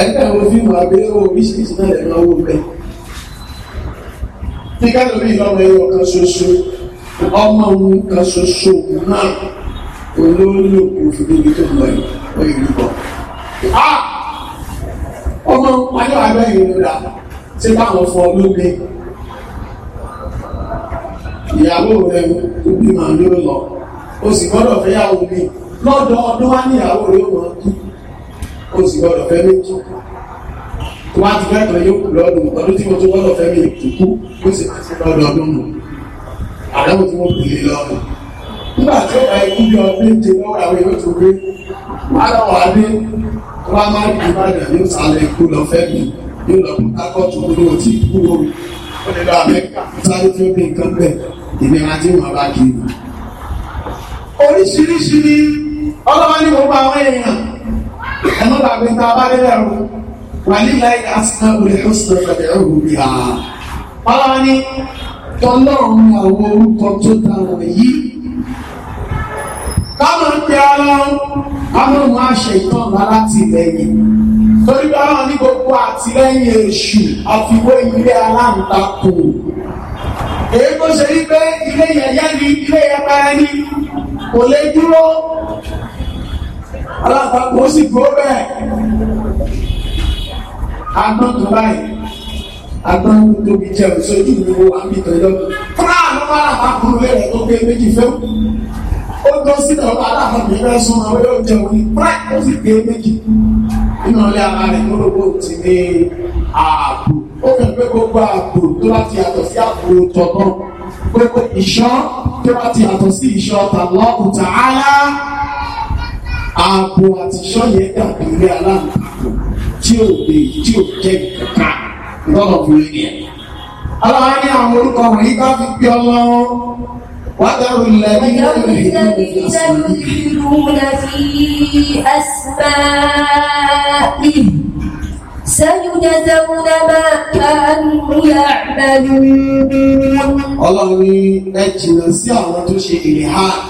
ẹgbẹ́ àwọn fíìmù àgbéléwò oríṣiríṣi náà lè máa wò bẹ́ẹ̀. tí kálórí ìlọ́mọ ẹyọ kan ṣoṣo ọmọ òun kan ṣoṣo náà olóòlò òfin níbi tó lọ ìwé ìlú bọ̀. ọmọ ayọ́ abẹ́ ìrora tí báwọn fọ lóde ìyàwó rẹ̀ tó bí màá ló lọ o sì gbọ́dọ̀ fẹ́yàwó mi lọ́dọ̀ ọdún wá níyàwó rẹ̀ wọ́n kú ó sì gbọ́dọ̀ fẹ́ méjì tó wá ti fẹ́ẹ̀kan yóò kú lọ́dún ọdún tí mo tó gbọ́dọ̀ fẹ́ mi ìkú ó sì máa ṣe lọ́dún ọdún nù àdáwò tí mo bèèrè lọ́rùn nígbà tí ó bá ikú yọ méje lọ́wọ́ àwọn èèyàn tó gbé aláwọ̀ adé wá máa ń bí ìbàdàn ní ìsàlẹ̀ ikú lọ fẹ́ mi yóò lọ fún kákọ́tù kúrò tí ikú o ó lè lọ amẹ́ríkà sáré tí ó bí nǹkan bẹ̀ ìnira tí wọ́n bá kiri oríṣiríṣi ni ọlọ́wọ́ ní gbogbo àwọn èèyàn ẹnu bàbí ta bá dé lẹ́rù wà nílẹ̀ asínà olè ọ̀sẹ̀ pẹ̀lẹ́ òwú bí a. Báwa ni tọ́lọ́run àwọn orúkọ tó dára yìí. Káwọn ń pe ara káwọn mú àṣẹ ìtàn láti lẹ́yìn. Torí báwa ní gbogbo àtìlẹ́yìn èṣù àfiwé ilé aláǹtakùn èyí tó ṣe wípé ilé yẹn yẹn ni ilé yẹn bá ẹni kò lè dúró alápapọ̀ ó sì dúró bẹ́ẹ̀ agbọ́n kan báyìí agbọ́n tó tóbi jẹ́ òṣojú mi wo àmì ìtọ́jọ́ fúnra àwọn alápapọ̀ lórí rẹ̀ tó gbé méjì fẹ́ ó tó sí ọ̀pá alápapọ̀ yẹn fẹ́ sún àwọn yóò jẹun ní pẹ́ ó sì gbé méjì nínú ọlẹ́ ara rẹ̀ tó lówó ti ní ààbò ó fẹ́ pé gbogbo ààbò tó bá ti yàtọ̀ sí ààbò tọ̀tọ̀ gbogbo ìṣọ́ tó bá ti yàtọ̀ sí ìṣọ́ tàlọ́kùtà áyá ààbò àtìṣọ́ yẹn dàbí ilé aláǹtakùn tí ò lè tí ò jẹ́ ìkẹ̀kà lọ́nà fún ilé yẹn. aláwa ní àwọn orúkọ wọ̀nyí ká fi gbé ọlọ́run وذروا الذين يجادلون في أسمائه سيجزون ما كانوا يعملون Ọlọ́run ní ẹ jìnnà sí àwọn tó ṣe ìrìn hard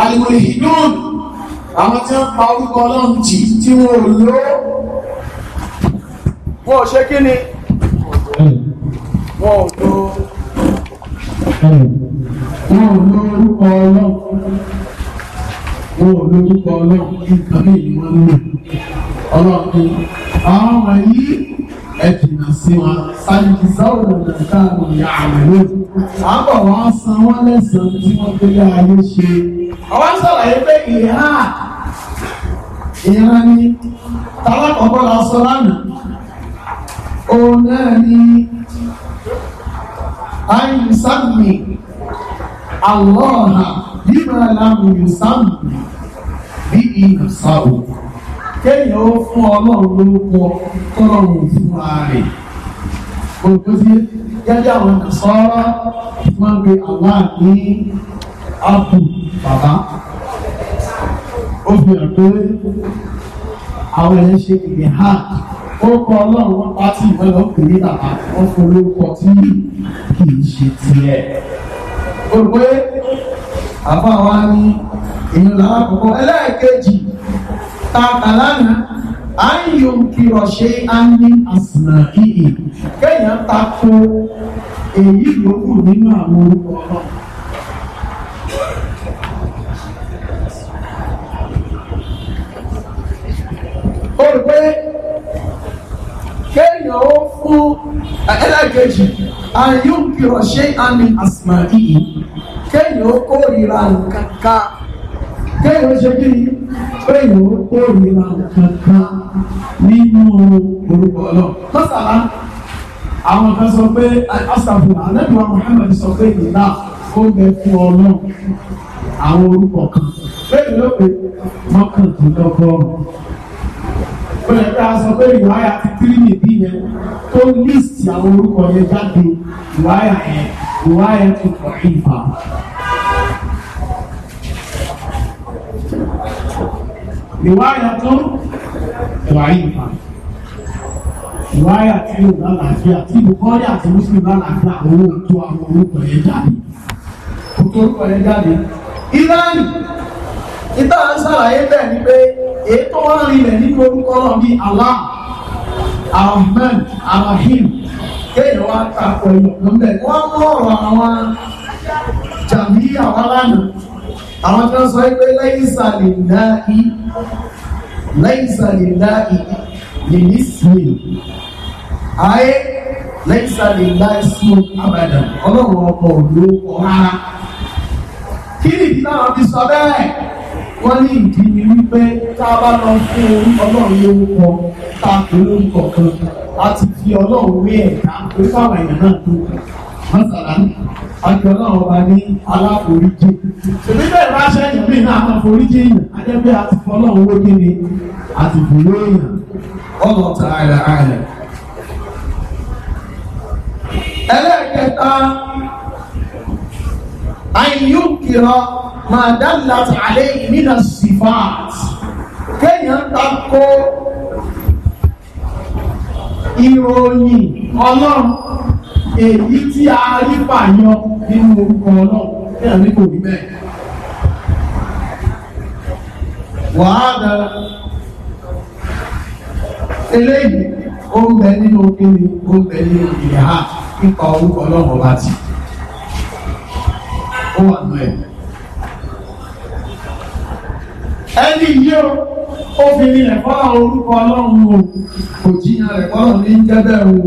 àlìmọ̀lì hìdún àwọn tí wọ́n pa orúkọ ọlọ́run jì tí wọ́n ò lò ó wọ́n ò ṣe kí ni wọ́n ò lò wọ́n ò lò orúkọ ọlọ́run wọ́n ò lò orúkọ ọlọ́run nípa ní ìmọ̀ ọlọ́run àwọn yìí ẹ jìnnà sí wọn sanjisawo nàìjíríà ní àmàlẹ́ àbọ̀ wọn san wọn lẹ́sàn-án tí wọ́n gbélé ayé ṣe. àwọn sàlàyé pé ìhà ìran ni tálákọ̀ọ́kọ́ la sọ lánàá òun náà ni àìsàmì àlọ́ọ̀hà bímọ làmùyùsàmì bí ìnàsáwò kéèyàn ó fún ọlọ́run lórúkọ tọ́lọ́run fúnra rẹ̀ olùkọ́sí gẹ́gẹ́ àwọn ìsọ́ra máa ń pe àwọn ní apu bàbá ó fi hàn pé àwọn ẹ̀yẹ́ ṣe ìgbìn ha ó kọ ọlọ́run wọn pa tí ìwé lọ́ọ́ pèlè bàbá wọn fún olórúkọ tí kì í ṣe tiẹ̀ olùkọ́ àbá wa ní èèyàn làwọn àkọ́kọ́ ẹlẹ́ẹ̀kejì tààkà lánàá à ń yọ kìrọ̀ ṣe á ní àsìnà yìí kéèyàn tako èyí yòókù nínú àwọn orúkọ náà. ó rò pé kéèyàn ó fún ẹlẹ́gẹ̀ẹ́jì àyùn ṣe á ní àsìnà yìí ó kórìíra nǹkan ká kéèyàn ó ṣe kí ni. péyìn ó kórìíra kankan nínú orúkọ náà n'ime àwọn kan sọ pé asafu alẹ́bùwà Muhammad sọ pé ìlà ó bẹ fún ọ náà àwọn orúkọ kan ló mọ́kàndínlọ́gọ́rùn-ún bẹ́ẹ̀ bí a sọ pé ìwáyà ti tírìmì bí yẹn tó líìsì àwọn orúkọ yẹn jáde ìwáyà yẹn ìwáyà tó kọ̀ ìfà. riwaya tó dọ̀ìfà riwaya tí ó bá làáfíà tí bukọ́lé àti muslim bá làáfíà owó tó àwọn orúkọ yẹn jáde kó tó orúkọ yẹn jáde. ìlànà ìta ń ṣàlàyé bẹ́ẹ̀ ni pé ètò wọn rinlẹ̀ nínú orúkọ náà bíi Allah Ahmed Alahim kéèyàn wá takò ẹ̀yọ̀ lọ́mọdé wọ́n mú ọ̀rọ̀ àwọn jàmíyà wá lánàá àwọn kan sọ pé lẹ́yìnsà lè láì lẹ́yìnsà lè láì lè sílè ayé lẹ́yìnsà láì sí abàdà ọlọ́run ọkọ̀ òdó ọ̀há kí ni ìdí náà fi sọ bẹ́ẹ̀ wọ́n ní ìdí ni wípé tá a bá lọ fún ọlọ́run lórúkọ tá a pè lórúkọ kan láti fi ọlọ́run wé ẹ̀dá pé fáwọn èèyàn náà tó wọ́n àjọlá ọba ní aláforíjì ṣèbí bẹ́ẹ̀ bá ṣe ìpín náà máa foríjì èèyàn ajẹ́bẹ́ àti fọlọ́run wó kíni àti fòwé èèyàn ọ̀nà ta àìlà àìlà. ẹlẹ́ẹ̀kẹta àìyúkìrọ máa dáńlá tàlẹ́ ìnínà sífàt kéèyàn takò ìròyìn ọlọ́run èyí tí a rí pàyọ nínú orúkọ ọlọ́run ní àmì kò rí bẹ́ẹ̀. wàhálà eléyìí ó ń bẹ nínú kíni ó ń bẹ nínú ìyá nípa orúkọ ọlọ́run ọba tì ó wà nù ẹ̀. ẹni yìí ó obìnrin rẹ̀ fọ́nà orúkọ ọlọ́run o kò jiyàn rẹ̀ fọ́nà ní jẹ́bẹ̀ o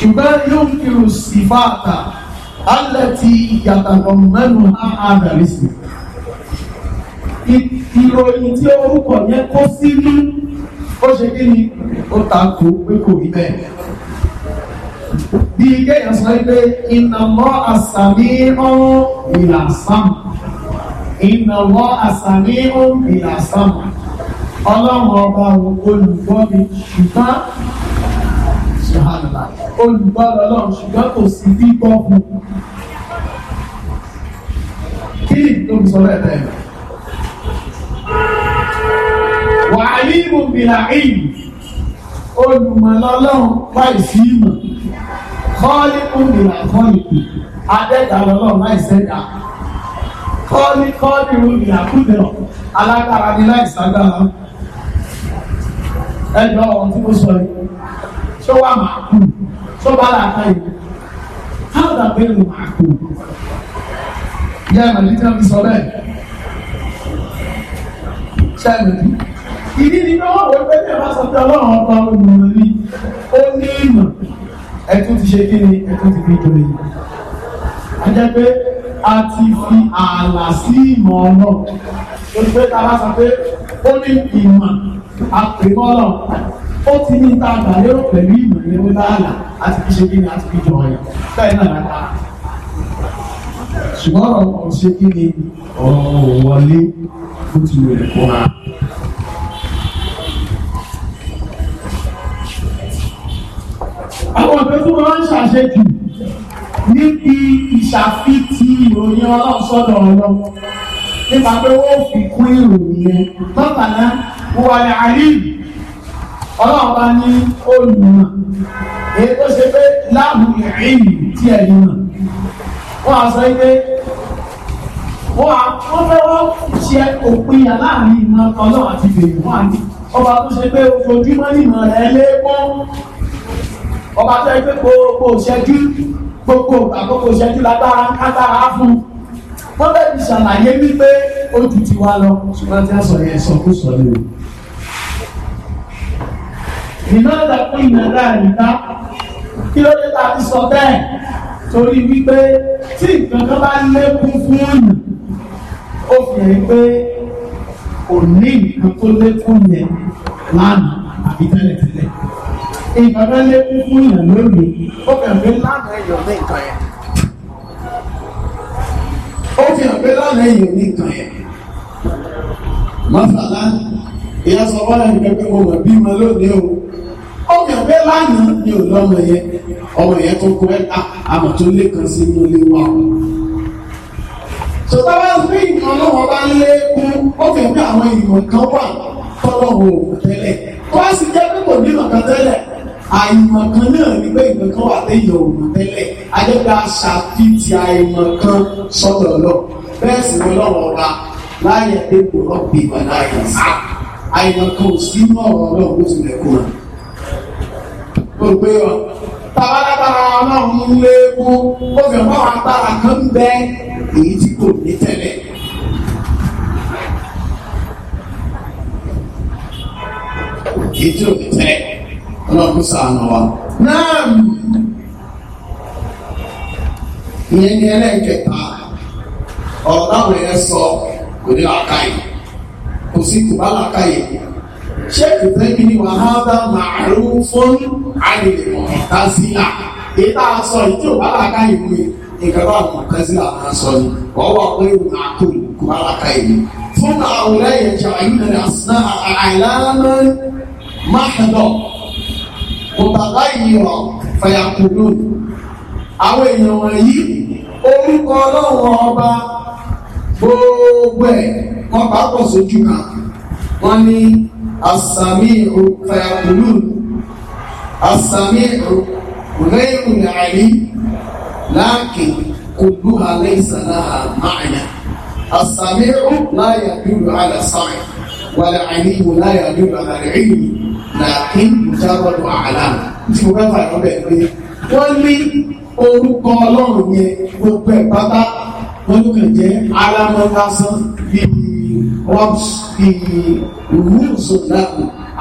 ṣùgbọ́n yóò ń kiri sífàtà alẹ́ ti yàtàkọ̀ mẹ́nu àádàrí sí. ìròyìn tí orúkọ yẹn kó sínú ó ṣe kí ni ó ta kó pé kò rí bẹ́ẹ̀. bí kéèyàn sọ pé ìnàmọ́ àsàmì ọ̀hún ìlàsámù ìnàmọ́ àsàmì ọ̀hún ìlàsámù ọlọ́run ọba olùgbọ́ ṣùgbọ́n ṣàhánàlá olùgbọ́lọ́ lọ́run ṣùgbọ́n kò sí gbígbọ́ fún kí ló ń sọ bẹ́ẹ̀ bẹ́ẹ̀ wà á yí mo bìlà ìlú olùmọ̀lọ́lọ́run láìsí ìmọ̀ kọ́ọ́lì ń bìlà kọ́ọ̀lì adẹ́ta lọ́lọ́run láìsẹ́ta kọ́ọ̀lì kọ́ọ̀lì ń bìlà kúndẹ̀rọ̀ alágbára ni láìsàgbára ẹgbẹ́ ọ̀hún tí mo sọ yìí sọ́wọ́ màákùn sọ́wọ́ aláàfáà yìí hàdà bẹ́ẹ̀rù màákùn. Yẹ́ ẹ̀rọ ní tẹ́lẹ̀ sọ bẹ́ẹ̀. Ṣẹ́ẹ̀lì ìdí ni pé wọ́n wọ pé bí ẹ bá sọ pé ọlọ́run ọba olùmọ̀ ní ó ní ìmọ̀ ẹ tún ti ṣe kí ni ẹ tún ti fi tó yìí. A jẹ́ pé a ti fi ààlà sí ìmọ̀ ọ̀nà. Olùgbé ta bá sọ pé ó ní ìmọ̀ àpèmọ́lọ̀ ó ti ní ta àgbà lérò pẹ̀lú ìmọ̀ ìlú láàlà àti kí ṣe kí ni àti kí jọ ọ̀yà bẹ́ẹ̀ náà lára ṣùgbọ́n ọ̀rọ̀ kò ṣe kí ni ọ̀rọ̀ wọlé ó ti rẹ̀ kóra. àwọn ọ̀dọ́ tó máa ń ṣàṣejù níbi ìṣàfitì ìròyìn ọlọ́run sọ́dọ̀ ọlọ́run nípa pé wọ́n fi kún ìròyìn yẹn tọ́tàlá wọ́n wà ní àárín ọlọ́run bá ní olùmọ̀ èyí tó ṣe pé láàmù ìrìn tí ẹ̀ lè mọ̀ wọ́n á sọ pé wọ́n á wọ́n fẹ́ wọ́n ṣe òpin yà láàrin ìmọ̀ ọlọ́run àti bèrè wọ́n á ní ọba tó ṣe pé ojoojúmọ́ nìmọ̀ rẹ̀ léèpọ̀ ọba tó ṣe pé gbogbo ìṣẹ́jú gbogbo àkókò ìṣẹ́jú lágbára kágbára fún wọ́n bẹ̀rẹ̀ ṣàlàyé wípé ó ju tiwa lọ ṣùgbọ́n tí wọ́n sọ yẹn sọ kó sọ lórí ìnáda fún ìnáda ìta kí ló dé tá a ti sọ bẹ́ẹ̀ torí wípé tí nǹkan kan bá lékún fún yìí ó fi hàn pé kò ní nǹkan tó lékún yẹn lánàá àbí tẹ́lẹ̀tẹ́lẹ̀ nǹkan kan lékún fún yìí lónìí ó fi hàn pé lánàá ẹ̀yọ̀ ní nǹkan yẹn ó fi hàn pé lánàá ẹ̀yọ̀ ní nǹkan yẹn mọ́sálá ìyá sọ wọ́n lẹ́yìn pé mo bí mo lónìí o ọmọ ẹgbẹ́ lánàá ni ò lọ́mọ yẹn ọmọ yẹn tó kọ ẹ́ àmọ̀ tó lé kan sí inú ilé wa o. sọtáwá pé nǹkan náà wọ́n bá ń lékún ó fẹ́ bí àwọn èèyàn kan wà tọ́lọ́wọ́ tẹ́lẹ̀ kó a sì jẹ́ pé kò ní ọ̀kan tẹ́lẹ̀ àìmọ̀ kan náà ni pé nǹkan kan wà téèyàn ò mọ̀ tẹ́lẹ̀ ajẹ́gbẹ́ aṣàfihàn àìmọ̀ kan sọ́dọ̀ lọ bẹ́ẹ̀ sì ni lọ́wọ́ wa láyẹ̀ dépò rọ́bì wà láyẹ̀ sí àìmọ̀ kan ò sí mọ́ ọ̀rọ̀ ọlọ́run ó ti lẹ̀kùn rẹ̀ gbogbo wa tabalabara ọlọ́run léwu ó fi mọ́ agbára kan bẹ èyí tí kò ní tẹ́lẹ̀. èyí tí ò ní tẹ́lẹ̀ ọlọ́run sàánù wa náà ìyẹn ní ẹlẹ́ẹ̀kẹta ọ̀rọ̀ táwọn ẹ̀yẹ sọ kò ní làákàyè kò sí kò bá làákàyè ṣé ìtẹ́bí ni wàhálà màálù fún àìlè ọ̀tàzílà ìta sọ ìdí òbálàká ìwé ìkẹ́kọ̀ọ́ àwọn ọ̀tàzílà máa sọ ni ọwọ́ pé òun àkùn kò bálàká ìwé fún àwọn ẹ̀yẹ jàǹdà àṣìná àìlànà máàdọ̀ òbàbá yìí rọ̀ fẹ̀yàkùnú àwọn èèyàn wọ̀nyí orúkọ ọlọ́run ọba gbogbo ẹ̀ kọ́ pàápọ̀ sójú kan wọ́n ní asàmìrù fayakùlù asàmìrù rẹ́rù nàárí láàkì kùlù alẹ́ ìsànà àmáyà asàmìrù láyà dúró alàsáì wàlẹ̀ àníwò láyà dúró alàrí láàkì ìjábọ̀lù àlà tí mo rẹ́fà lọ́bẹ̀ pé wọ́n ní orúkọ ọlọ́run yẹn gbogbo ẹ̀ pátá wọ́n ló but the rules of that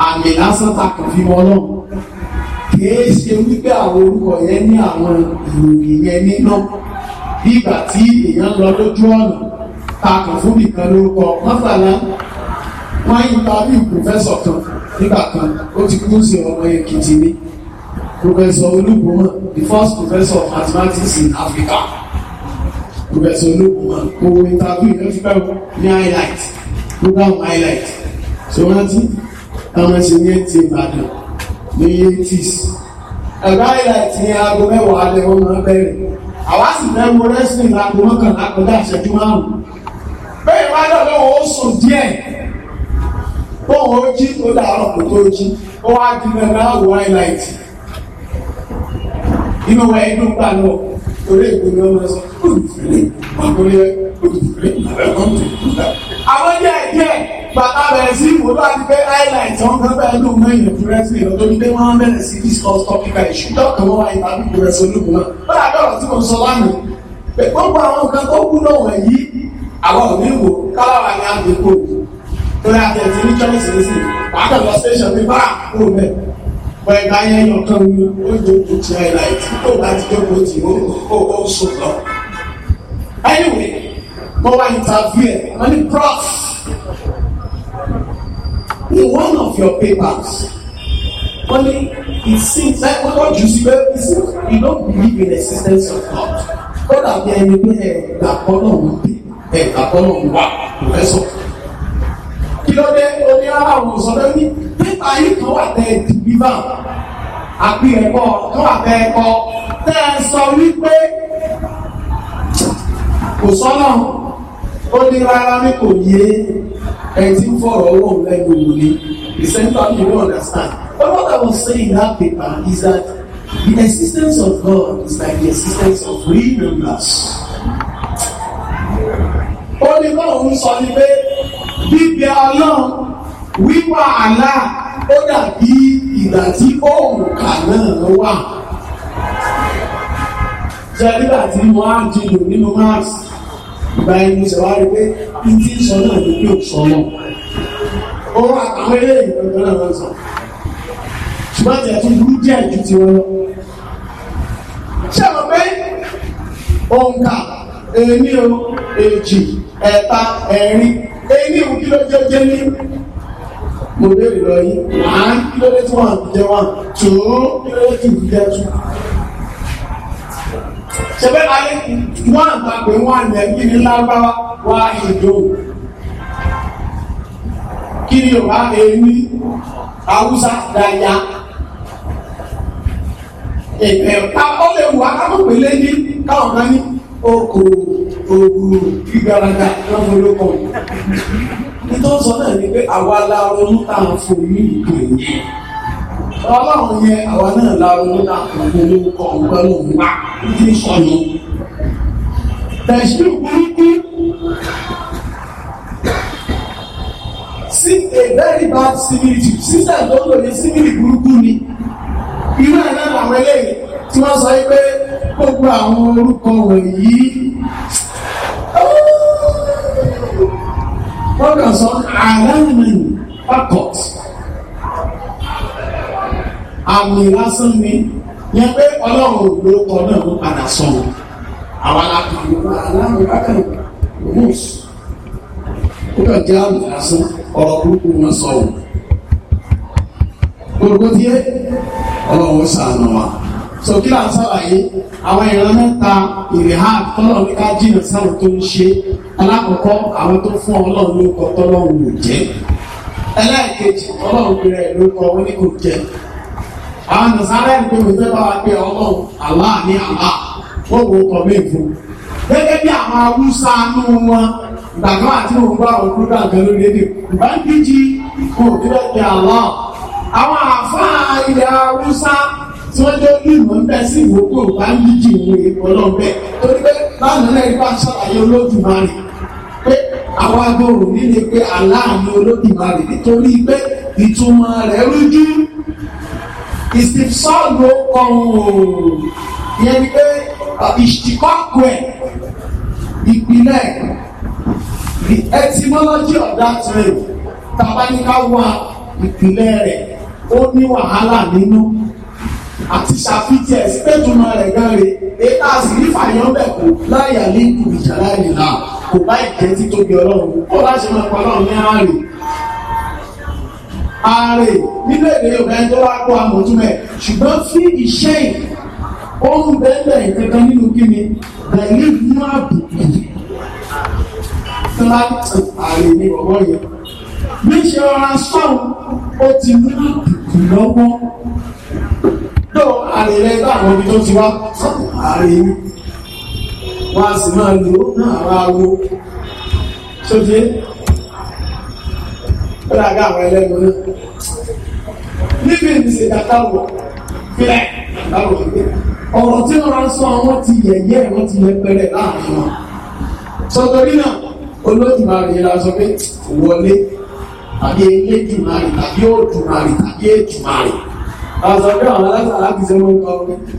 àmì lásán ta kàn fi wọn náà kìí ṣe wípé àwọn orúkọ yẹn ní àwọn ìròyìn yẹn nínú nígbà tí èèyàn lọ lójú ọ̀nà ta kàn fún nìkan lórúkọ mọ́sàlá wọ́n yí parí pòfẹ́sọ̀ kan nígbà kan ó ti kú sí ọmọ Èkìtì ní Professor Olúgbòmọ̀ the first professor of mathematics in Africa Professor Olúgbòmọ̀ kò interview lọ́sibẹ̀wò ní highlight program highlight ṣe rántí táwọn ṣe ní ẹtì ìbàdàn ní eighties ẹ̀rọ highlight ní aago mẹ́wàá alẹ́ wọn máa bẹ̀rẹ̀ àwa sì fẹ́ mo wrestling aago mọ́kànlá kọjá ìṣẹ́jú márùn-ún bẹ́ẹ̀ bá dọ̀dọ̀ wọn ó sùn díẹ̀ bóun ó jí ó dàárọ̀ kó tó jí ó wá di mẹ́ta àwò highlight inú wa inú gbà lọ orí ìgbóni ọmọ ẹ̀sán olùfẹ́lẹ́ ọkùnrin olùfẹ́lẹ́ àbẹ̀kọ́ntẹ̀ nígbà àwọn díẹ̀ díẹ̀ bàtà bẹ̀rẹ̀ sí ìwò bá ti fẹ́ highlight wọn kan bẹ́ẹ̀ ló mọ ìyẹn fún ẹsẹ̀ ìlọ́dọ̀ ní pé wọ́n bẹ̀rẹ̀ sí discuss topic ìṣúdọ̀ kan wọ́n wáyé tàbí kò rẹ̀ sólùkù náà bọ́dà dọ̀rọ̀ tí mo sọ lánàá pé gbogbo àwọn nǹkan tó kú náà wọ̀nyí àwọn ò ní wò kálára ni a lè kó torí àti ẹ̀sìn ní chọ́ọ̀sì ní sí wàá lọ station bí báà kó bẹ̀ pọ̀ ẹ̀ka yẹn yàn kan ní ó jókòó ti highlight tó bá ti jókòó ti ó ó sùn lọ mo wá interview mo ní prof in one of your papers wọ́n ní it seems like wọ́n wọ́n jù sí pé it you don't believe in existence of God kódà bí ẹni pé ẹ gbàgbọ́ náà wò dé ẹ gbàgbọ́ náà wò wá professor kí ló dé oní ara àwọn òṣèlú ní ah, pépà yìí kan wà tẹ dìbíbà àbí ẹ̀kọ́ kan wà tẹ ẹ̀kọ́ tẹ ẹ sọ wípé kò sọ́nà ó ní rárá ní kò yé ẹni tí ń fọ̀rọ̀ owó lẹ́nu wò ni the central you don't understand but what I was saying in that paper is that the existence of God is like the existence of remembrance ó ní báwọn ń sọ ni pé bíbí ọlọ́run wíwà àlá ó dàbí ìgbà tí òun kà náà wà jẹ́ nígbà tí mo á jìnnà nínú maths ìgbà yẹn mo ṣẹ̀wá rí pé ìdí sọ náà ló ní òsọ náà ó wà àwọn eléyìí lọ́dọ̀ náà wọ́n sọ ṣùgbọ́n àti ẹ̀tún burú díẹ̀ ju ti wọn lọ. ṣé o pé òǹkà èmi o èjì ẹ̀ta ẹ̀rin èmi ò kí ló jẹ́ jẹ́ ní mo béèrè lọ yìí wàá kí ló dé tí wọ́n àbújẹ́ wọn tòó kí ló dé tí ìbújẹ́ tún ṣẹbẹ́ ayé wọ́n àgbà pé wọ́n àlẹ́ kí ni lágbára wá èdò kí ni ò bá èmi haúsá dáyà ẹ̀ẹ̀ká ó lè wù akábòpé lẹ́ni káwọn kan ní oko òwú gbígbáradà lọ́fọlọ́kọ̀ nítorí sọ náà ni pé àwa la ronú tá à fò ní ìpè yẹn ọlọ́run yẹn àwa náà lára nínú àkàndé lórúkọ ọ̀gbọ́n òun wá kí n sọ yìí tẹ̀sí burúkú sí a very bad similitude sísẹ̀ tó ń lò ní simili burúkú ni irú ẹ̀ náà làwọn eléyìí tí wọ́n sọ pé gbogbo àwọn orúkọ wọ̀nyí wọ́n kàn sọ àárín pàkọ́tì àmì lásán ni yẹn pé ọlọ́run ògbókọ náà ló padà sọ̀rọ̀ àwọn alákùnrin wọn aláàmì bákan rúùs ó kàn jẹ́ àmì lásán ọ̀rọ̀ burúkú wọn sọ̀rọ̀ gbogbo díẹ̀ ọlọ́run sànù wa so kí là ń sàlàyé àwọn ìran mẹ́ta ìrìhà tọ́lọ̀ ní ká jìnà sáwọn tó ń ṣe alákọ̀ọ́kọ́ àwọn tó fún ọlọ́run ló kọ tọ́lọ́run ò jẹ́ ẹlẹ́ẹ̀kejì ọlọ́run bẹ̀rẹ̀ ló kọ wọn ní kò jẹ́ àwọn nàṣàrà ẹni pé mo fẹ́ bá wa pé ọlọ́run Allah ní Allah wọ́n wo kọ̀ mí fún gẹ́gẹ́ bí àwọn awúsá nú wọn ìgbàgbọ́ àti òun bá òun dúdú àgbẹ̀ lórí èdè ìgbà ń díjì kò dúdú pé Allah àwọn àfáà ilẹ̀ awúsá tí wọ́n jẹ́ ìmọ̀ ń bẹ́ sí ìwòkó bá ń díjì ìwé ọlọ́ọ̀bẹ torí pé láàrín náà ipá ṣàlàyé olódùmarè pé àwọn agbóhùn nílé pé aláàánú olódùmarè nítorí pé ìtumọ̀ rẹ̀ rújú ìsìnsọ́ọ̀lù ọ̀hún yẹn ni pé ìṣìkọ́kù ẹ̀ ìpìlẹ̀ the etymology of that name tabaníká wà ìpìlẹ̀ rẹ̀ ó ní wàhálà nínú àti ṣàfihàn ẹ̀ sí pẹ̀tùmọ̀ rẹ̀ gáre ètò àsìrífà yẹn bẹ̀ kó láyà ní ìjà láyà kò bá ìkẹ́ títóbi ọlọ́run ó bá ṣe máa pa ọlọ́run ní àárẹ̀ ààrẹ nílé èdè yorùbá ẹni tó bá kó amòtúmẹ̀ ṣùgbọ́n sí ìṣe ohun bẹ́ẹ̀ kankan nínú kíni pẹ̀lú inú àbùkù láti ààrẹ ní ọ̀wọ́ yẹn níṣẹ́ ọ̀rá sọ́run ó ti ní àbùkù lọ́wọ́ tó ààrẹ rẹ láwọn ibi tó ti wá ààrẹ yìí wọ́n a sì máa lò náà ara wo sóde ó rà gá àwọn ẹlẹ́nu ní. níbi ìbísí ìdáta wọ̀ fílẹ̀ láwọn òbí ọ̀rọ̀ tí wọ́n sọ wọ́n ti yẹ̀yẹ́ wọ́n ti yẹ pẹ́rẹ́ láàrin wọn. sọtọ́rí náà olóòtú máa rí ra sọ pé wọlé tàbí elédùmarè tàbí òdùmarè tàbí èdùmarè àzọ̀dọ̀ àwọn alátàlá ti sẹ́wọ́n kọ́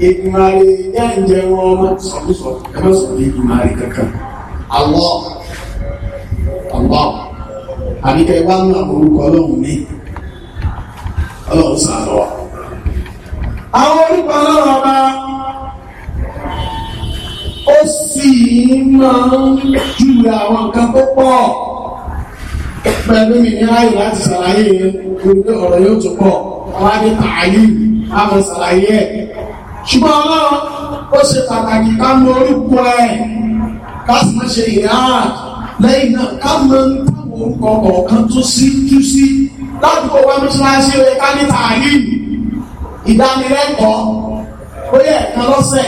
èdùmarè yá ń wọn ọmọ sọ̀tún sọ̀tún ẹgbẹ́ sọ̀tún èdùmarè kankan àwọ̀ àníkẹ́ wá ní àwọn orúkọ ọlọ́run ní ọlọ́run sàánú wa àwọn orúkọ ọlọ́run ọba ó sì máa ń júwe àwọn nǹkan tó pọ̀ pẹ̀lú ìnira yìí láti ṣàlàyé ìwé ọ̀rọ̀ yóò tó pọ̀ wá ní tààyè àmọ́ ṣàlàyé ẹ̀ ṣùgbọ́n ọlọ́run ó ṣe pàtàkì ká mọ orúkọ ẹ̀ ká sì má ṣe ìhà lẹ́yìn náà ká mọ orúkọ kọ̀ọ̀kan tó sí jú sí ládùúgbò wa mọ́ṣáláṣí rẹ̀ ká ní tààrí ìdánilẹ́kọ̀ọ́ ó yẹ ẹ̀kan lọ́sẹ̀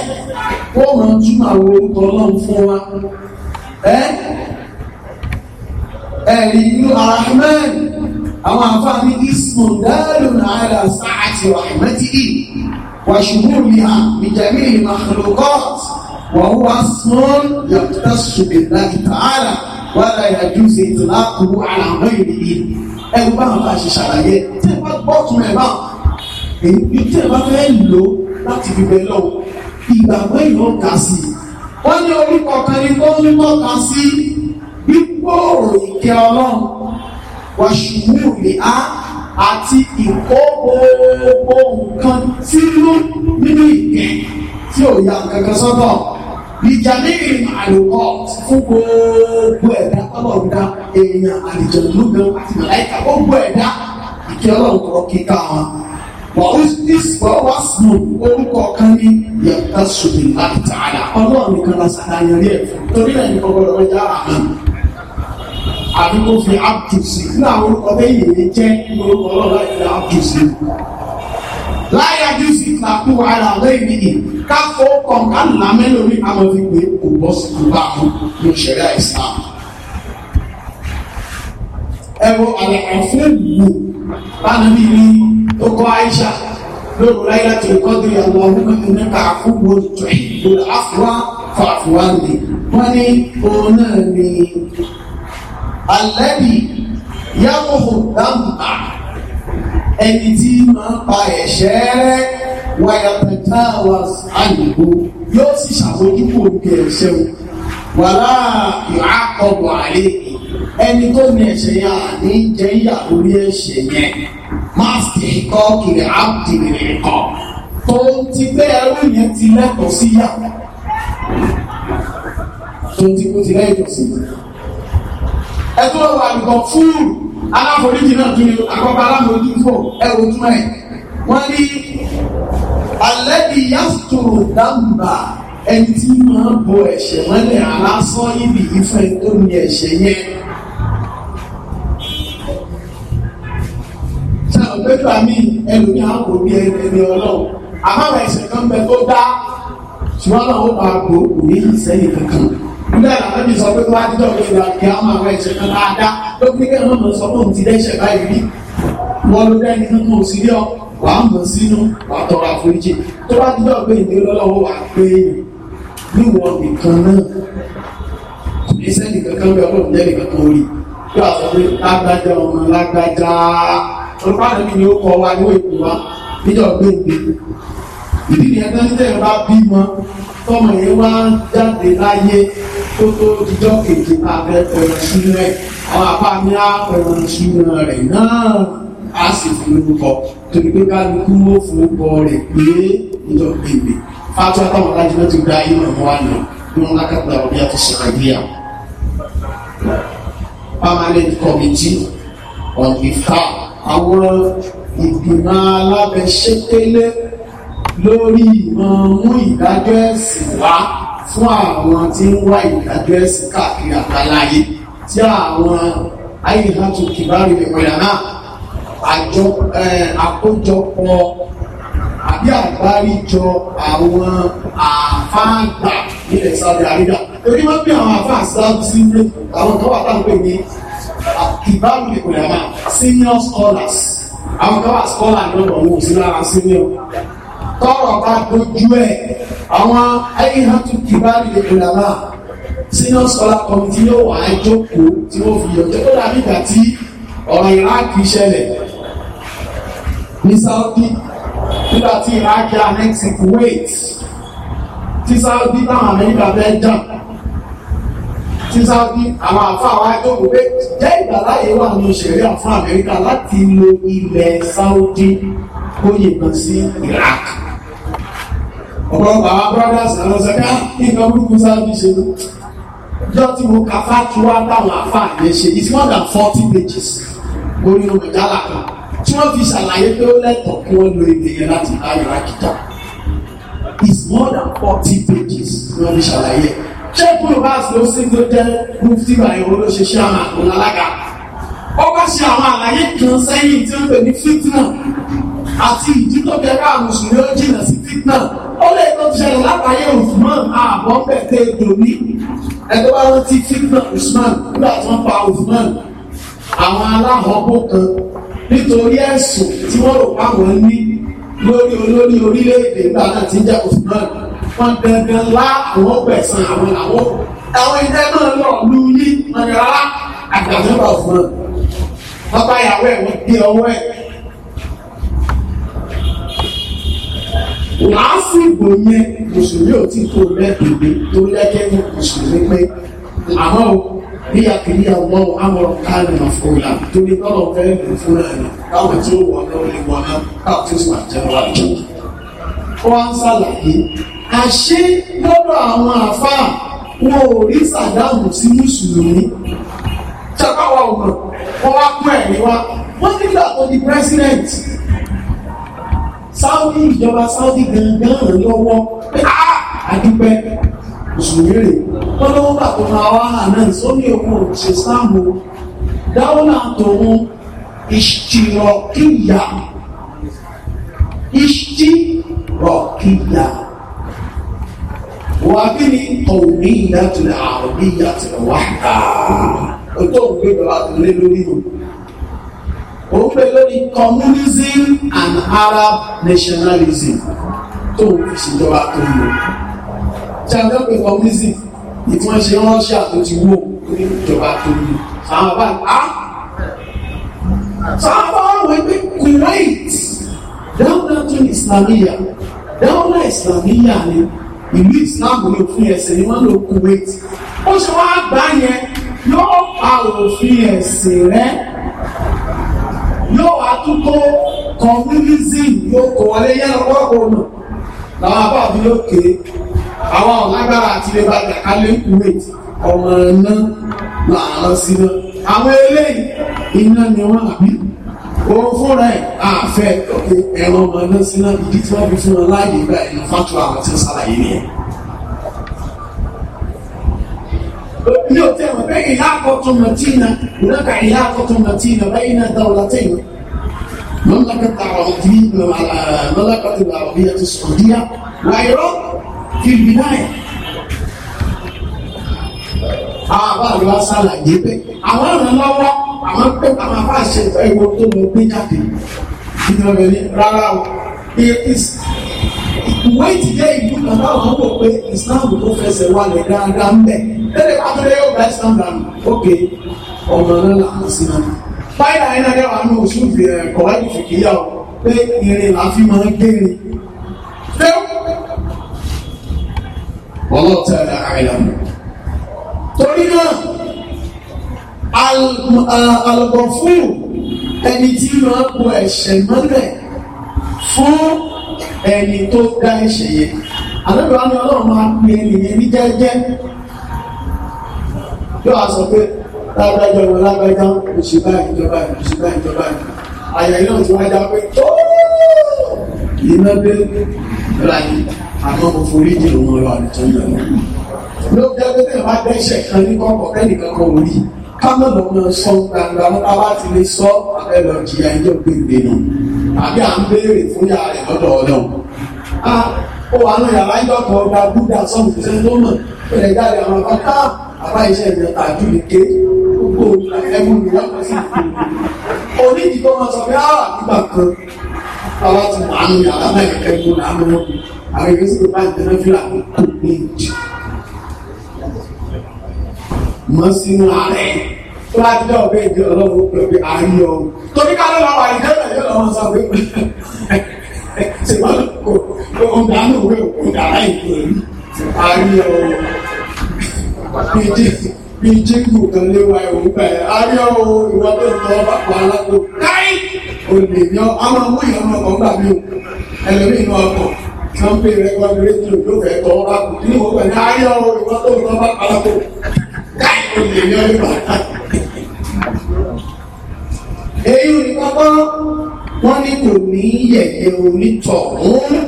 ó ràn túmọ̀ àwọn orúkọ ọlọ́run fún wa ẹ̀rí inú arahman àwọn àfáàní ismù dáàlùn àìlà sáàtì rahmatihi wà ṣùgbọ́n mi à mìjàmí ìmàlùkọ́ wà ó wá sún ṣùgbọ́n láti tààrà wàhálà ìdájúṣe ìtìlá kúrú àlàmọ́ ìrìlì ẹ̀rù báwọn bá ṣe ṣàlàyé tí ẹ bá gbọ́ tún rẹ̀ bá èyí tí ẹ bá fẹ́ lò láti fi bẹ lọ́wọ́ ìgbàgbọ́ ìlú ń kà sí wọ́n ní orúkọ kan ní tó ń tọ́ka sí gbígbòòrò ìkẹ́ ọlọ́run wàṣùwù ní á àti ìkó gbogbo nǹkan sínú nínú ìkẹ́ tí ò yà kankan sọ́tọ̀ ìjàmíì àlùkọ́ fún gbogbo ẹ̀dá tọ́lọ̀ dá èèyàn àlìjọ̀lú gan àti màláìka gbogbo ẹ̀dá ìkí ọlọ́run kọ́ kíkà wọn. wọ́n wá sùn orúkọ kan ní yàtá sùnì láti tààdà ọlọ́run nìkan la ṣàdáyàn rí ẹ̀ torí ẹ̀ nìkan gbọ́dọ̀ wọ́n yára hàn. àbí kò fi abdùsì fún àwọn orúkọ bẹ́yìn ní jẹ́ orúkọ ọlọ́run láti fi abdùsì láyà music la kú ara lé nìyí ká fọ kàn ká nà mẹ́lórí àwọn fi gbé kò bọ́ sí kò bá kú ní ìṣẹ̀lẹ̀ Islam. ẹ wo àlẹ́ àfẹ́ wò lánàá mi ní tó kọ́ Aisha lóru láyà tó kọ́ di àwọn ọmọ mi nípa àkókò tó ìgbòho àfúwá fàfúwá nìyí wọ́n ní òun náà ní alẹ́ bíi yàgò fún dáhùn àá ẹni tí máa ń pa ẹ̀ṣẹ̀ rẹ̀ wàyàtẹ̀tà wà àyìnbó yóò sì ṣàmójúkò òkè ẹ̀ṣẹ̀ o wàrà ìhàkọ̀bọ̀ àlè ẹni tó ní ẹ̀ṣẹ̀ yẹn àní jẹ́ ìyà orí ẹ̀ṣẹ̀ yẹn máàsì kọ́ kiri áàbùtìrì kọ́ tó ti pé ẹrú yẹn ti lẹ́tọ̀ọ́ sí yà tó ti kó ti lẹ́tọ̀ọ́ sí yà ẹ tó wà nìkan fúlù aláforíjì náà tún ní àkọ́kọ́ alámojúfò ẹ̀rù tún ẹ̀ wọ́n ní alẹ́bí yàtòrò dámbà ẹni tí máa bo ẹ̀ṣẹ̀ mọ́lẹ̀ aláṣọ ibi ìfẹ́ tó ní ẹ̀ṣẹ̀ yẹn ṣáà pẹ́tù àmì ẹlòmí àpò bí ẹni ọlọ́run àbáwọ̀ ẹ̀ṣẹ̀ kan bẹ tó dá ṣùgbọ́n náà ó máa bo òní ìsẹ́yìn kankan nígbà làwọn mi sọ pé wá dídọ̀ pé ìgbà kí á máa wá kan dáadáa ló pé kí ẹ̀rọ mọ̀ sọ pé òun ti dẹ́ṣẹ̀ báyìí rí wọ́n ló dẹ́ni kankan ò sí rí ọ wàá mọ̀ sínú wàá tọrọ àforíjì tó bá dídọ̀ pé ìdí lọ́lọ́wọ́ wà pé níwọ̀n nìkan náà kò ní sẹ́ni kankan bí ọlọ́run jẹ́ nìkan kan rí yóò sọ pé lágbájá ọmọ lágbájá olùkọ́ ni ó kọ wa ní òkú wa níjọ́ gbé ìgbé ìdí nìyẹn tó tọ́mọ yẹn wá ń jáde láyé tó tó dijọ́ kejì tá a fẹ́ pẹ̀lú sínú rẹ̀ àwọn apá mi á pẹ̀lú sínú rẹ̀ náà á sì fi lórúkọ torí pé kálukú ló fowópọ̀ rẹ̀ pé níjọ́ gbèbè fátíwá táwọn alájú náà ti gba ayé náà wá lọ ní wọn lákàtà ọ̀rẹ́ àti sàkàdíyà. permanent committee on ifá àwọn ìgbìmọ̀ alábẹ́sẹ̀kẹ́lẹ́ lórí ìmọ̀ mú ìdájọ́ ẹ̀sìn wá fún àwọn tí ń wá ìdájọ́ ẹ̀sìn káàkiri àgbáláyé tí àwọn ayélujára kìbárí ìpìlẹ̀ náà àjọ àkójọpọ̀ àbí àgbáríjọ àwọn àfáàgbà nílẹ̀ Saudi Arabia torí wọ́n pè àwọn àfáà Saudi sílé àwọn kan wà táǹpẹ̀ ní kìbárí ìpìlẹ̀ náà senior scholars àwọn kan wà scholar náà wọ́n sí lára senior tọ́rọ̀ bá dojú ẹ̀ àwọn ẹ̀yìnhàn tún kì bá rí ìlànà senior scholar committee yóò wà á jókòó tí wọ́n fi yọjọ́ ó dàbí ìgbà tí ọ̀rọ̀ iraq ṣẹlẹ̀ ní saudi nígbà tí iraq yà next kuwait tí saudi táwọn amẹ́ríkà fẹ́ jà tí saudi àwọn àfáà wá jókòó pé jẹ́ ìgbàláyé wà ní òṣèré àfún amẹ́ríkà láti lo ilẹ̀ saudi kó yìnbọn sí iraq ọ̀pọ̀lọpọ̀ àwọn brothers àwọn ṣẹ́ká ah, nǹkan burúkú sáàbí ṣe ló jọ tí mo ka fàtúwà táwọn àfà yẹn ṣe it's more than forty pages orí ọmọ ìjálá kan tí wọ́n fi ṣàlàyé pé ó lẹ́tọ̀ọ́ kí wọ́n lo èdè yẹn láti bá ìrà kìtà it's more than forty pages tí wọ́n fi ṣàlàyé ṣé kúrò bá ṣe tó jẹ́ mufti báyìí wọn ló ṣe ṣe àwọn àkùnrin alága ó bá ṣe àwọn àlàyé kan sẹ́yìn tí wọ́n pè ní fitna àti ìdítọ́bẹ̀ ká mùsùlùmí ó jìnà sí fitna ó lè tó ti ṣẹlẹ̀ látàyè Usman àbọ̀ bẹ̀tẹ̀ ètòní ẹgbẹ́ wa rántí fitna Usman nígbà tí wọ́n pa Usman àwọn aláhọ́bó kan nítorí ẹ̀sùn tí wọ́n rò páwọn ní lórí olórí orílẹ̀-èdè nígbà náà ti ń jẹ́ Usman wọn dandan lá àwọn gbẹ̀sán àwọn àwọn àwọn ilé náà lọ lu yí wọn rárá àgbàjọba Usman wọn bá yàwó ẹ̀ wọ́n dé ọwọ́ ẹ̀. lásìgbò yẹn mùsùlùmí ò tí kò lẹ́kẹ̀ẹ́ tó lẹ́kẹ́ ní mùsùlùmí pé àmọ́ bí àkìrí àwọn amọ̀rọ̀ káàlì àfọ̀lá tó ní tọ́lọ̀ fẹ́ẹ́ lè fúnra rẹ̀ káwọn tí ó wọ̀ náà lè wọ̀ náà káwọn tí ó sùn àjẹwà jù. wọ́n ń ṣàlàyé àṣé lọ́dọ̀ àwọn àfáà wọn ò rí sàdáàmù sí mùsùlùmí tẹ́pá wa ò mọ̀ wọ́n wá pẹ́ ẹ̀rí wa wọ́n nígbà tó di pírẹ́sídẹ̀ntì Saudi ìjọba Saudi gangan lọ́wọ́ àdúpẹ́ ah, mùsùlùmí rè wọ́n lọ́wọ́ gbà tó máa wá hàn náà sóní òkun ṣe sáàmù dáwọ́nà tòun ìṣtìrọ̀kìyà ìṣtìrọ̀kìyà wà kí ni tòun ìyá tó lè àrùn ìyá tó lè wá. bàbá tó lé lórí ó ń pè lórí communism and Arab nationalism tó ń fi ṣèjọba tó ń lò ṣàgbẹ́ pé communism ìfún ṣe ránṣẹ́ àtúntí wò ní ìjọba tó ń lò àwọn bá a sábà wọ́n pé Kuwait dáúdà tó ní islamiyà dáúdà islamiyà ni ìlú islam ní òfin ẹ̀sìn ni wọ́n lò Kuwait ó ṣe wá gbá yẹn yóò pa òfin ẹ̀sìn rẹ̀ àtúntò communism yóò kọ̀ wọlé yẹ́nà wọ́pọ̀ ọ̀nà làwọn abá àbí lókè àwọn ọ̀lágbára àti ilé bá gbà kálé kuwait ọmọ iná làárọ̀ síná àwọn eléyìí iná ni wọ́n àbí òun fúnra ẹ̀ àfẹ́ òkè ẹ̀rọ ọmọ iná síná ìdí tí wọ́n fi fún wọn láàyè ìgbà ìlú fátúrà àwọn tí ó ṣàlàyé nìyẹn yóò tẹ̀wọ̀n bẹ́ẹ̀ ìyá àkọ́tún mọ̀tínà ìlọ́kà ìyá àkọ́tún mọ̀tínà bẹ́ẹ̀ iná dáwọ̀lá tẹ̀yìn المملكة العربية المملكة العربية السعودية وإيران في البداية àwọn àgbà ṣàlàyé pé àwọn ìrànlọ́wọ́ àwọn pé àwọn afáṣẹ ìfẹ́ ìwọ tó mú gbé jáde ìdọ̀rẹ̀ ní rárá o ìwé ìtìjẹ́ ìlú kan táwọn wò pé Islam tó fẹsẹ̀ wà lẹ̀ dáadáa ń bẹ̀ tẹ́lẹ̀ bá yóò gba Islam dànù ókè ọmọ náà làwọn sí náà fáìlà yẹn náà dẹ́wà ní oṣù kọ̀wájú fìkìyà ọ pé irin là fi máa ń gbére wọ́n tẹ́ ẹ̀ àìlà torí náà alùpọ̀ fún ẹni tí máa ń po ẹ̀ṣẹ̀ mọ́lẹ̀ fún ẹni tó dá ẹ̀ṣẹ̀ yẹn àlọ́dọ̀ àwọn ọlọ́run máa ń pe ẹni yẹn ní jẹ́jẹ́ yóò wá sọ pé lágbájá ìwọ lágbájá oṣù báyìí ìjọba oṣù báyìí ìjọba àyà iná tí wọ́n já pé tó iná dé láyé àmọ́ mo forí jì òun lọ àlùtọ́ yẹn ló jẹ́ pé bẹ́ẹ̀ bá dẹ́ṣẹ̀ kan ní kọ́kọ́ kẹ́nìkan kan ò rí kámọ́ lọ mọ sọ gbangba wọn bá ti lè sọ abẹ́ lọ jìyà ẹjọ́ gbèǹde nù àbí à ń béèrè fún yàrá rẹ̀ lọ́dọ̀ ọlọ́run ó wà ní yàrá ìgbàkan ọgbà búdà sọ́ọ̀mù tó ṣe tó mọ̀ ó lè jáde àbá iṣẹ́ ìjọta àdúgbò kéé gbogbo ẹmu lè yàtọ̀ sí ìlú onídìí tó máa sọ pé áà ah, nígbà kan bàbá ti wà ní yàrá mẹ́rin ẹmu làánú wọn àwọn èèyàn sì bá ìdáná fílà kó ní ìjì mọ sínú ààrẹ tó bá ti dá ọbẹ ìdí ọlọ́run ó pẹ̀lú àárín ọ torí ká ló lọ wà ìdí yóò lọ́wọ́ sọ pé (laughs) ṣùgbọ́n kò ọ̀dàánú òwe òkú dàrá ìlú àárín ọ. (laughs) bíi jíngù kan lé wa ìwò gbà ẹ o ìwọ tó ń tọ bàbá alágbó káì olè àwọn ọmọ ìyàn ọmọ kan gbà mí o ẹlẹmí inú ọkọ sanpe rẹkọdì rédíò ló fẹ tọ ọ bàbá kí wọn gbà ní o ìwọ tó ń tọ bàbá alágbó káì olè yan ìwà èyí ò ní kọ́kọ́ wọ́n ní kò ní yẹ̀yẹ́ onítọ̀hún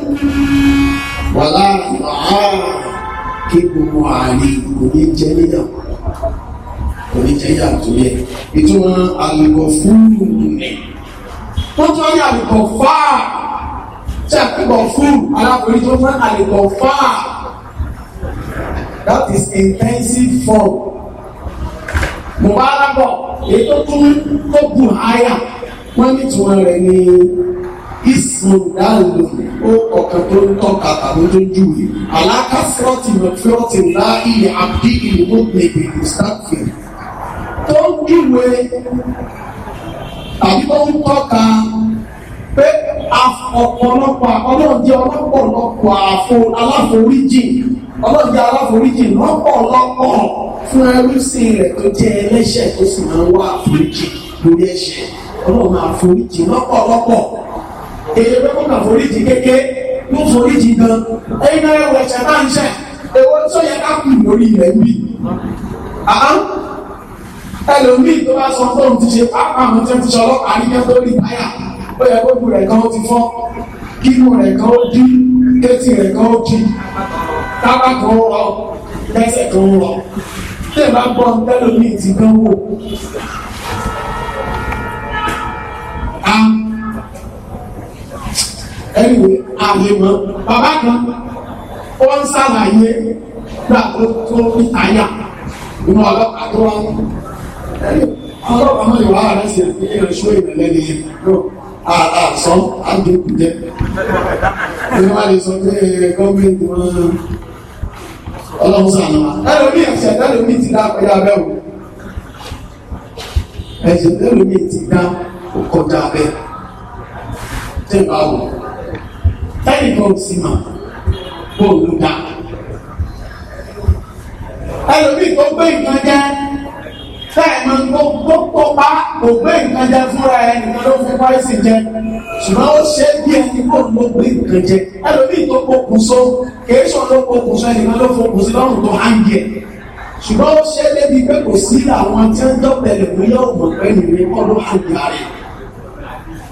wà kí gbogbo ààrẹ ìgbòho jẹ́ níyàwó kò tó yẹ ìtumọ̀ àlùkò fúlù ni wọ́n tún ní àlùkò fáà tí àlùkò fúlù alákùnrin tó fún àlùkò fáà that is intensive form mubarakọ èyí tó tún tó gùn àyà wọ́n ní ìtumọ̀ rẹ̀ ní ìsìndáàlù ó ọ̀kan tó ń tọ́ka tàbí tó ń júwe alákàfúrọ́tì mọ̀fúrọ́tì ńlá ilẹ̀ àbí ìlú mọ̀gbẹ̀gbẹ̀ ìstáfẹ̀. tó ń tàbí tó ka tọ́ka pé ọ̀pọ̀lọpọ̀ ọlọ́pọ̀lọpọ̀ àfo aláforíjì aláforíjì lọ́pọ̀lọpọ̀ fún ẹrúsìn rẹ̀ tó jẹ́ ẹlẹ́ṣẹ̀ tó sì máa ń wá àforíjì lórí ẹ̀ṣẹ̀ lọ́pọ̀lọpọ̀ èyí ló foríjì gan ẹ̀yin náà ẹ̀wọ̀ ẹ̀ṣẹ̀ ń ṣẹ̀ èwo yẹ ká kù lórí rẹ̀ ẹlòmíì tó bá sọ fóun ti ṣe pápá àwọn tó ti ṣe ọlọ́pàá ní kẹ́kọ̀ọ́ rí báyà ó yẹ kókù rẹ̀ kan ó ti fọ́ kíkù rẹ̀ kan ó dí kétì rẹ̀ kan ó dí tábà kan ó rọ lẹ́sẹ̀ kan ó rọ tẹ̀ bá gbọ́ ẹlòmíì ti dán wò. ẹ̀rìwé àlèmọ́ bàbá kan ó ń ṣàlàyé gbà tó tó ní àyà ọlọ́pàá tó wà ọlọ́pàá yóò wá rẹ̀ sí ẹ̀kú yẹn ṣó ìrẹ̀lẹ̀ ní àṣọ àdókù jẹ́ ní wọ́n lè sọ pé gọ́ọ̀mẹ́ntì wọn ọlọ́run sàánà ẹlòmí ẹ̀ṣẹ̀ ẹlòmí ti dá ọjà bẹ́ẹ̀ ẹ̀ṣẹ̀ ẹlòmí ti dá ọkọjà bẹ́ẹ̀ tẹ́ bá wọ̀ táyì kan sì mà bóòlù dá ẹlòmí tó gbé ìtàn jẹ́ táìmọ̀ gbogbo pa gbogbo nǹkan jẹ fúnra ẹ nìkan ló fi párísì jẹ ṣùgbọ́n ó ṣe bí ẹni kó gbogbo nǹkan jẹ ẹlòmíì tó pokùn so kìí sọ ló pokùn so ẹnìkan ló fokùn sí lọ́rùn tó hàǹgì ẹ̀ ṣùgbọ́n ó ṣe débi pé kò sí àwọn tí ń dọ́bẹ̀lẹ̀ pé yóò mọ̀ pé nìyẹn kọ́ ló hàǹgì rẹ̀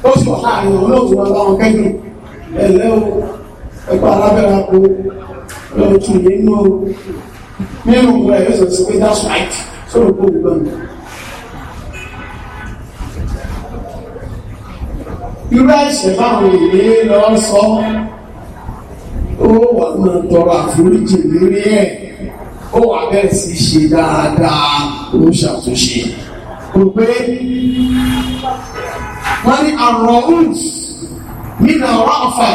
ó sì wà láàrin òun yóò tún wọn báwọn kẹ́kìn ẹ̀lẹ́ o ẹgbẹ́ alábẹ́ra kó lọ́ọ́ tún yé nínú rẹ̀ yóò sọ sọ̀rọ̀ kó gbọ́n irú ẹ̀ṣẹ̀ báwọn èèyàn lọ sọ ó wà náà tọrọ àforíjì lórí ẹ̀ ó wà bẹ́ẹ̀ sì ṣe dáadáa ó ṣàtúnṣe kò pé wọ́n ní àrùn ọ̀hún nínú ọ̀rọ̀ ọ̀fà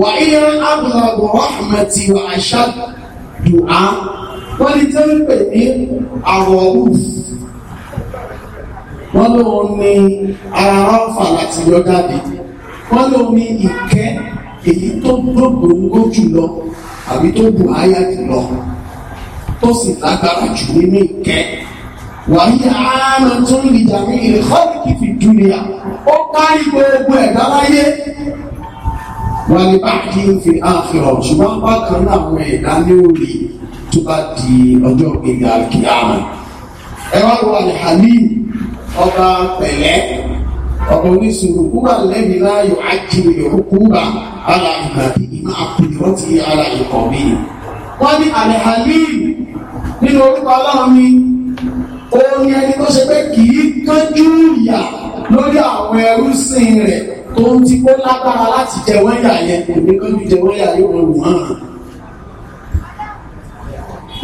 wà ní àbùrọ̀ rahmati wà àṣà dùn án wọ́n ní tẹ́lẹ̀ pè ní àwọ̀wùs wọ́n lóun ní ara rọ́fà láti yọ jáde wọ́n lóun ní ìkẹ́ èyí tó gbogbo jùlọ àbí tó bù áyà jùlọ tó sì lágbára jù nínú ìkẹ́ wàyí àmà tó ń lè jàmí ìrìkọ́lìkì fi dúnìyà ó kárí gbogbo ẹ̀dá láyé wà ní báàkì ń fi àfihàn ṣùgbọ́n bákan náà àwọn ẹ̀dá ní orí tó bá di ọjọ́ gbẹ̀gà kìláàmù ẹ wá lọ àlẹ́ halim ọba pẹ̀lẹ́ ọba oníṣòro kúbà lẹ́yìn láàyò ákìlì òkúbà ara ìgbàdí ìmọ̀ àpèjọ́tì ara ìkọ̀ mi wọ́n ní àlẹ́ halim nínú orúkọ ọlọ́run ni òun ni ẹni tó ṣe pé kì í kánjú ìyà lórí àwọn ẹrúsìn rẹ̀ tó ń ti kó lágbára láti jẹ wọ́n yà yẹn kò ní kánjú jẹ wọ́n yóò rọrùn hàn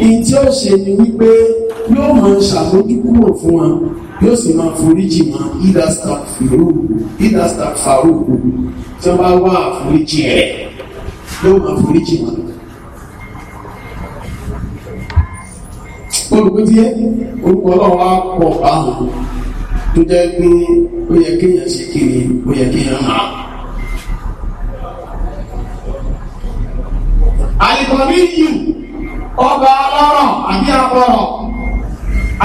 ìyìn tí ó ṣe ni wípé yóò máa ṣàmójúkúrò fún wa yóò sì máa foríjì wọn ìdá stark faroku tí wọ́n bá wá àforíjì rẹ̀ yóò máa foríjì wọn. olùkútíyẹ orúkọ ọlọ́run wá pọ̀ báwọn tó jẹ́ pé ó yẹ kéèyàn ṣe kiri ó yẹ kéèyàn máa. àlìkọ́ mi yìí ọba ọlọ́rọ̀ àbí ọlọ́rọ̀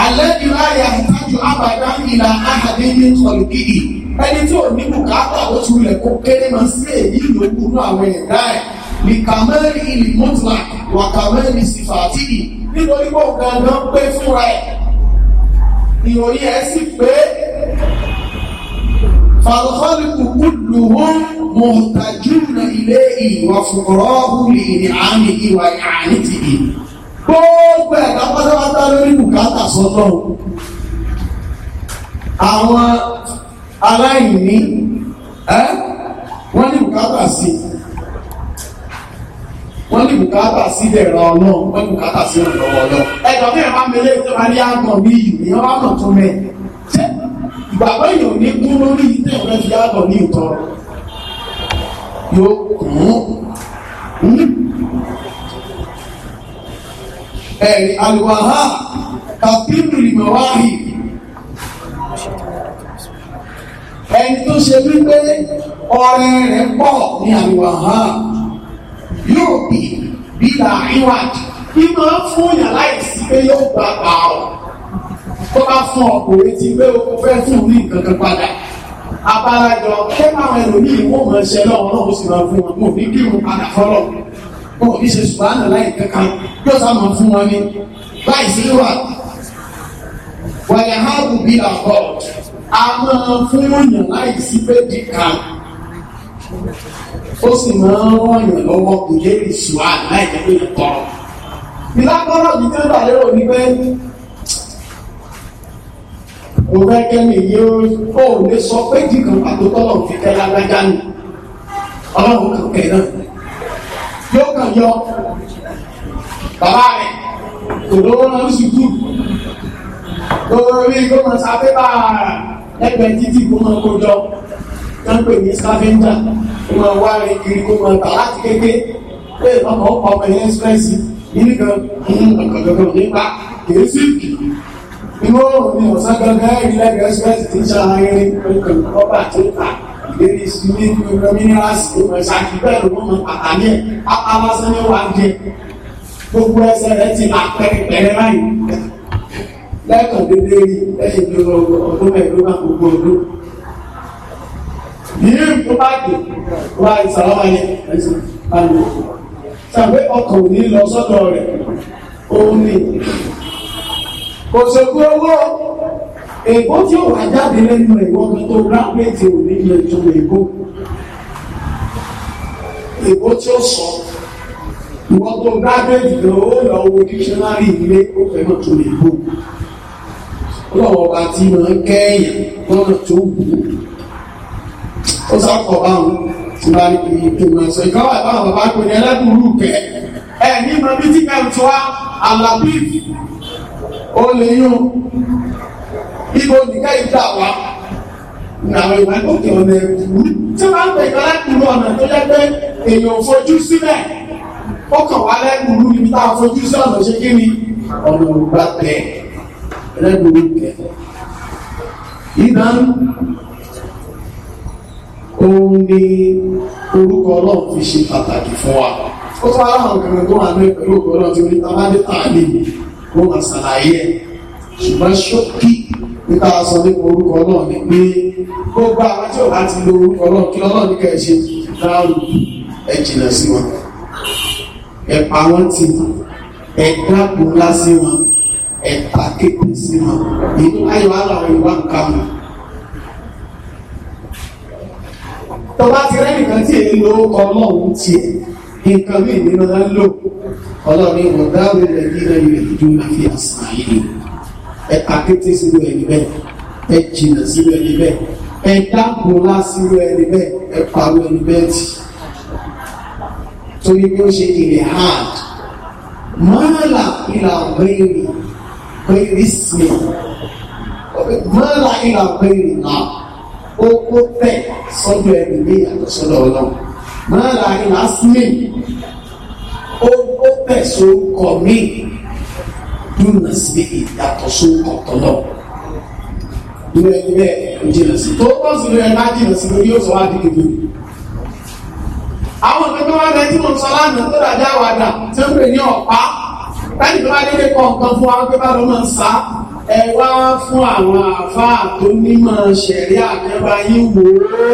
àlejò láyé àtàjù àbàdá ìlà àhàdé ní kọlùkìdì ẹni tí ò ní bùkátà ó tún lè kó kéré máa sí èyí ìlòkù ní àwọn ẹ̀dá ẹ̀ ní kàmẹ́rì ìlú mọ́tìlá wà kàmẹ́rì sífàtìdì nítorí pé ògànà pé fúnra ẹ̀ ìròyìn ẹ̀ sì pé فالخلق كلهم محتاجون إليه وفقراه لإنعامه وإعانته gbogbo ẹ̀dá pátápátá lórí bùkátà sọ́tọ̀ àwọn aláìní ẹ́ wọ́n ní bùkátà sí wọ́n ní bùkátà sí dẹ̀rọ ọlọ́run wọ́n ní bùkátà sí ọ̀dọ̀wọ̀ ọlọ́run ẹ̀dọ̀ mẹ́rin máa mẹ́lẹ́ tó bá ní àgbọ̀n bí ìrìn ọmọ tó mẹ́ ìgbàgbọ́ èèyàn ní kún lórí ilé ọ̀rẹ́ ti yàtọ̀ ní nǹkan yóò kún ẹ̀rì àlùwàhá kàbírù ìmọ̀wáhì ẹni tó ṣe wípé ọrẹ rẹ̀ pọ̀ ní àlùwàhá yóò bì bí i àríwájú kí máa ń fún yàrá ìsí yóò gbà pààrọ̀ tó bá fún ọkùnrin ti pé o fẹ́ fún ní nǹkan kan padà abárájọ ṣé máa ẹlòmíì wọ́n mọ̀ ṣe lọ́wọ́ náà ó sì máa fún wọn kò ní kírun padà fọ́lọ̀ wọn ò ní ṣe ṣùgbọ́n láì kankan yóò sá máa fún wọn ní láì sí wà wàyà háàbù bí àkọ́ a máa fún yàn láì sí pé kíkà ó sì máa ń rọ̀yàn lọ́wọ́ kò yé ìṣùwà láì jẹ́ pé ìtọ́ ìlágbọ́rọ̀ yìí tẹ́lẹ̀ lérò ní pé kò fẹ́ kẹ́mi yé ó lè sọ pé jì kan pàtó tọ́lọ̀ fi kẹ́ lágbájá nù ọlọ́run kan kẹ́ náà yóò kàn yọ bàbá rẹ̀ kò lówó náà sùkúù lórí kó máa sábẹ́bà lẹ́gbẹ̀ẹ́ títì kó máa kó jọ tán pè ní sáfẹ́ńdà kó máa wá rẹ̀ kiri kó máa tà láti kéke pé ọmọ ọmọ yẹn ṣẹ́ẹ̀sì nígbà hmm, ọ̀gọ̀gọ̀gọ̀ nípa kìí sí inú ọ̀rùn ni ọ̀sán gangan ẹ̀rí lẹ́gbẹ̀ẹ́ ṣẹ́ẹ̀sì tí ń ṣàlàyé ní pẹ̀lú rọ́bà tó kà ìlérí sílé pẹ̀lú mínírààsì ìmọ̀ ìṣàkí bẹ́ẹ̀ ló mọ̀ pàtàkì ẹ̀ pápá lásán ní wàá jẹ gbogbo ẹsẹ̀ rẹ̀ ti là pẹ́rẹ́pẹ́rẹ́ láyé lẹ́kàn dédé rí lẹ́yìn tó lọ ọdún mẹ́ẹ̀ẹ́dógún àgbogbo ọdún yìí tó bá dé wá ìsàlọ́wọ́ yẹn ẹ̀sìn bá lọ sàgbé ọkàn ò lọ sọ́dọ̀ rẹ̀ ó ní kò sókú owó ègbó tí ó wà jáde lẹ́nu ẹ̀wọ́ mi tó gíráfẹ́tì ò ní ilẹ̀ tó ègbó ègbó tí ó sọ ìwọ́n tó gíráfẹ́tì lọ ó lọ wo dictionary ilé ó fẹ́ràn tó ègbó ọlọ́wọ́ ọba tí máa ń kẹ́yìn lọ́nà tó wù ú ó sákọ̀ báwọn tí bá ní kiri tó máa sọ ìkọ́ wà báwọn bàbá pè ní ẹlẹ́dùn rú kẹ́ ẹ̀ ní mọ̀ bí tí kẹ́ ń tó wá àlàbí ó lè yún ibo nìkẹ́ ìjà wa àwọn ìwà gòkè ọ̀nà ẹ̀kú tí wọ́n á pè kọ́ lákùnrin ọ̀nà tó jẹ́ pé èèyàn fojú síbẹ̀ ó kàn wá lẹ́kùnrin níbi tá a fojú sí ọ̀nà ṣe kí ni ọ̀nà ògbà tẹ̀ lẹ́kùnrin tẹ̀. ìdán òun ni orúkọ ọlọ́run fi ṣe pàtàkì fún wa ó tún wá kankan tó wà ní pẹ̀lú òkú ọlọ́run tí ó ní tàbí kó wọ́n ṣàlàyé ẹ̀ ṣùgbọ́n ṣókí nípa sọ nípa orúkọ náà ni pé gbogbo àwọn tí ò bá ti lo orúkọ náà kí lọ́nà ní kẹ́ẹ̀ ṣe dáhùn ẹ jìnà sí wọn ẹ pa wọn ti ẹ dáàbò ńlá sí wọn ẹ ta kékeré sí wọn ìlú ayọ̀ aláwọ̀ ìwà nǹkan wọn. tọ́ba ti rẹ́nìkan tí èyí lo orúkọ náà ń tiẹ̀. In mí ní máa ń lò ọlọ́ni ọ̀dáwé rẹ̀ ní ẹ̀yọ ìjú àfi àṣà yìí ẹ takété sílò ẹni bẹ́ẹ̀ ẹ jìnà sílò ẹni bẹ́ẹ̀ ẹ dákùnlá sílò ẹni bẹ́ẹ̀ ẹ pàrọ̀ ẹni bẹ́ẹ̀ tì torí bí ó ṣe ilẹ̀ hard mọ́nàlá ìlà ọ̀gbẹ́rì gbẹ́rì sí mọ́nàlá ìlà ọ̀gbẹ́rì náà ó kó tẹ̀ sọ́dọ̀ ẹni ní àtọ̀sọ́dọ̀ ọlọ́run náà láàrin lásìmì ó tẹ̀só kọ̀ mí dúnà sí ìyàtọ̀ sóńkọ̀ tọ́lọ̀ irú ẹni bẹ́ẹ̀ kò jìnà sí tó bọ́ sí irú ẹni bá jìnà sí lórí òṣùwà àdìgbò àwọn ìpínlẹ̀ wọn bẹ tí mo sọ lánàá tó dàjà wàdà tí ó pè ní ọ̀pá láti tó bá dédé kọ nǹkan fún wa pé bá ló máa sá ẹ wá fún àwọn àfáà tó nímọ̀ ṣẹ̀rí àkẹ́bá yín wò ó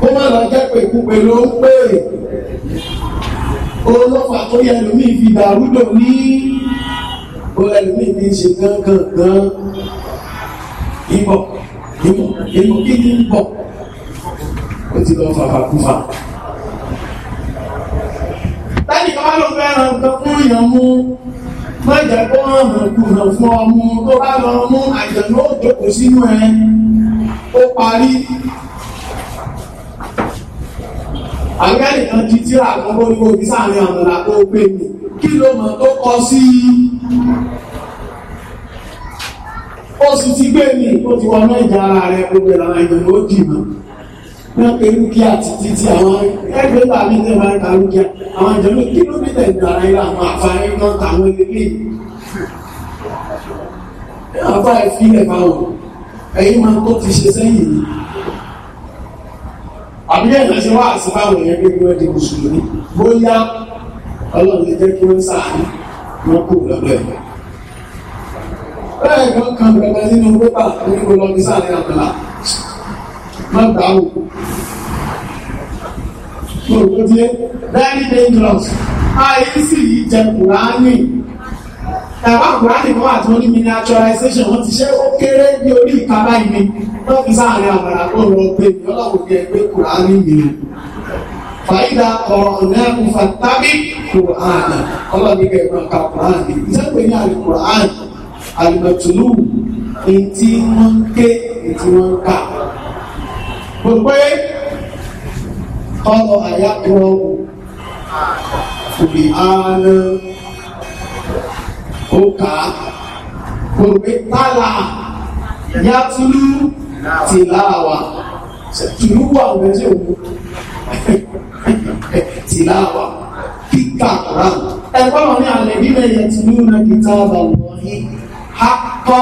kó má lọ jẹ́ pé kúpe ló ń pè olófà tó yẹ ẹlòmíì fi dàrúdò ní ẹlòmíì fi ṣe gángangan ìbọ̀ ìbọ̀ ìbọ̀ kí ni ń bọ̀ ó ti lọ fàfàkúfà láti kọ́ ló fẹ́ràn nǹkan fún èèyàn mú má jẹ́ kó hàn hàn kùnà fún ọmú tó bá lọ mú àjẹ̀nú ó jókòó sínú ẹ ó parí àgbẹ̀rẹ̀ kan di tíra àkọ́kọ́ ní kòbí sáàrin àmàlà kó pè mí kí ló mọ̀ tó kọ sí ó sì ti gbé mi ó ti wọ́n mẹ́jọ ara rẹ̀ gbogbo ìlànà ìdùnnú ó dì mọ́ wọ́n pe rúkìá àti títí àwọn ẹgbẹ́ bá mi tẹ́ máa ń ka rúkìá àwọn ìjọba kí ló ní tẹ̀lé ara ilé àwọn àfáàní náà tàwọn ilé àwọn àfáà ìfilẹ̀ báwọn ẹ̀yìn máa ń kó ti ṣe sẹ́yìn yìí àbí ẹ̀yàn ṣe wá àsìkáwọn èèyàn gbégbé wọn di mùsùlùmí bóyá ọlọ́run lè jẹ́ kí wọ́n sàánú wọn kò lọ́dọ̀ ẹ̀. bẹ́ẹ̀ kan kan bẹ̀rẹ̀ nínú pépà onígbò lọ bí sáré àgbàlá má gbà wò. mo rò ó di ẹ́ very dangerous àìsí yìí jẹ kùránì tàbá kùránì kan àti oní miniaturization wọ́n ti ṣe ó kéré ní orí ìkàbá ìní wọ́n fi sáàrin àgbàrá tó rọ pé ìyọ́lọ́wọ́ fi ẹgbẹ́ kùránì mìíràn fàyídà ọ̀rọ̀ ọ̀nẹ́kùn fàtàbí kùránì ọlọ́dígbẹ̀ ìgbọ̀nka kùránì ìṣẹ́pẹ̀ ní àrí kùránì àlùmọ̀tùlù ètí wọ́n ké ètí wọ́n ká gbogbo ọlọ́ àyàkùrọ̀ òbí ààrẹ kà á kò pé tálà yàtúlú tìláwà tìlú wà wọ́n tí òun (laughs) tìláwà kíkà Quran ẹgbọ́n wọn ní alẹ́ nílẹ̀ yàtúlú náà kìtà àbàwọ̀ yìí حقا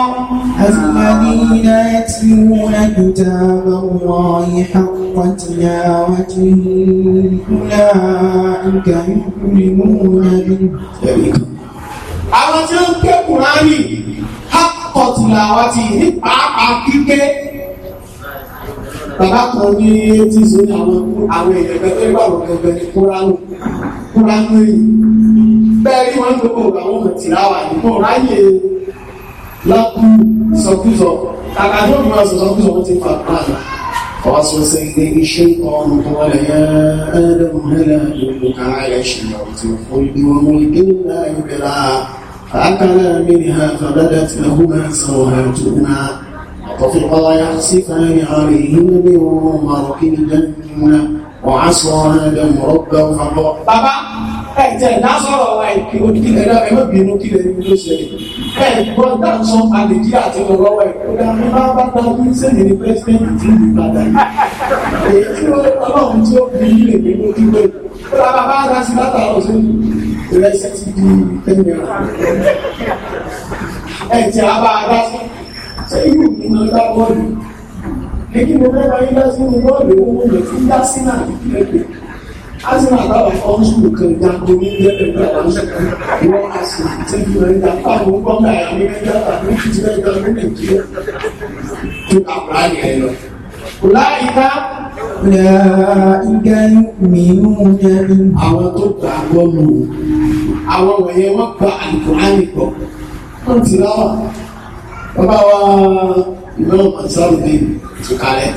الذين يتلون كتاب الله حق تلاوته أولئك يؤمنون به àwọn tí ń ké kùránì hákọ̀tìlà wa ti ní pàápàá kíké bàbá kan ní tí ṣe ní àwọn àwọn èèyàn gẹ́gẹ́ bá wọn ní kúránù kúránù yìí bẹ́ẹ̀ rí wọn gbogbo àwọn ọmọ tìláwà nípò ráyè lọ́kùn ìsọkúsọ kàkà tó fi wọn ti fà pààlà. فوسوس إليه الشيطان قال يا آدم هل أدلك على شجرة الخلد وملك لا يبلى فأكلا منها فبدت لهما سوهاتهما وطفقا يخصفان عليهما من ورق الجنة وعصى آدم ربه فقال بابا ẹ jẹ ìdásọ̀rọ̀ wa ìkí odidi ẹ̀gbọ́n dáńsán àlèjì àti lọ́wọ́ ẹ̀ kó dáa ní bá bá bá bí sẹ́yìn ní pẹ́sidẹ́ntì tí ìlú Ìbàdàn yìí èyí tí ó ọlọ́run tí ó fi ilé mi ló ti gbé ó ra bàbá ara sí látàrọ sí ìrẹsẹ̀ ti di ẹ̀yìn ẹ̀ tí a bá ara sí ṣé irú mi náà dá bọ́ọ̀lù èyí mo fẹ́ bá yín dá sínú bọ́ọ̀lù owó rẹ̀ tí dá sínú àdìgbẹ́gbẹ́ asina àbáwọ̀ fọ́nsùn kan ìdáko ní ìdẹ́gbẹ̀rún àbáṣe wọ́n a sì ti fi rẹ̀ ìdáko àwọn gbọ́ngà àwọn ìdáko àwọn ìfìdílẹ̀ ìdáko ní nàìjíríà tó àkùrá ní ẹ lọ. láìka láìka mìíràn ní àwọn tó gbà gbọ́ lò ó àwọn wọ̀nyẹn wọ́n gba àlùkùránì gbọ́ wọ́n ti láwà bàbá wa ìlú ọ̀pọ̀ sáwùdí ìtúkalẹ̀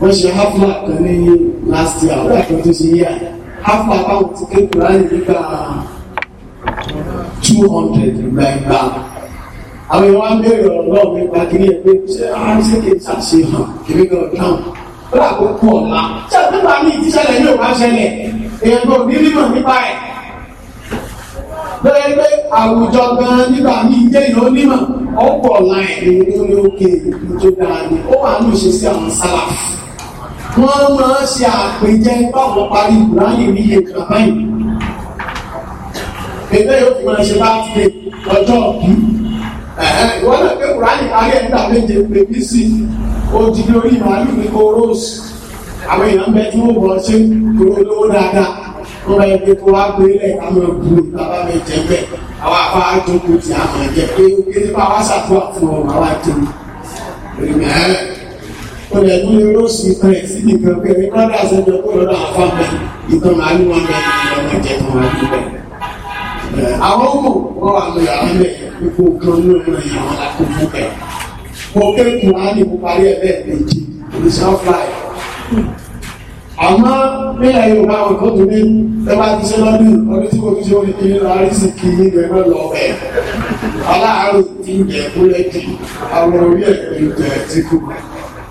wọ́n ṣe hafla kan ní last year wọ́n àkọ́ tó ṣe yíyà hafla báwọn ti ké kúránì nígbà two hundred ìgbà ìgbà àwọn ìwà ń bèèrè ọ̀rọ̀ náà nípa kiri ẹ̀ pé ṣé àwọn ṣe kì í ṣàṣehàn kiri gan dáhùn ó dà kó kú ọ̀la ṣé nígbà ní ìtíṣẹ́lẹ̀ yóò bá ṣẹlẹ̀ èèyàn kò ní mímọ̀ nípa ẹ̀ lórí pé àwùjọ gan nígbà míì jẹ́ ìlú onímọ̀ ọ̀pọ̀ ọ̀la ẹ̀ ní orí òkè ìlú tó dáa ni ó wà ní ìṣesí àwọn sálàfù wọ́n máa ṣe àpèjẹ báwọn parí ìbúráyè ní iye kan báyìí ẹgbẹ́ yóò fi máa ṣe bá ti lọ́jọ́ òbí ìwọ́n náà pé ìbúráyè parí ẹ̀ nígbà méje pèbí sí odi lórí ìmàlú ní kó rose àwọn èèyàn bẹ tí wọ́n bọ̀ ṣe kúrò lówó dáadáa wọ́n bá yẹ pé kó wá gbé lẹ̀ káwọn òbúrò bàbá mi jẹ bẹ́ẹ̀ àwọn àbá àjọkù ti àmọ̀ ẹ̀jẹ̀ pé ó kéré bá wá ṣàtúwà fún ọ ó lẹ̀ ní olóòsì kan ẹ̀ sí nìkan pé ní brọ́dà sẹ́jọ kó lọ́dọ̀ àfáàmẹ́ ìtàn màálù wọn bẹ ìlànà jẹ kan màálù bẹ. àwọn ọmọ wọn wà lọ yàrá bẹ ipò kan ní ọmọ ìyàwó alákòókò bẹ. mo ké kùránì mo parí ẹ bẹ́ẹ̀ méjì ìṣàfàì. àmọ́ nílẹ̀ yorùbá àwọn kan tó ní ẹ bá ti ṣe lọ́dún ọdún tí kò fi ṣe orí kiri lọ àrísì kì í rẹ̀ náà lọ bẹ̀. aláàárọ̀ ti ń jẹ kúlẹ̀ jù àwọn orí ẹ̀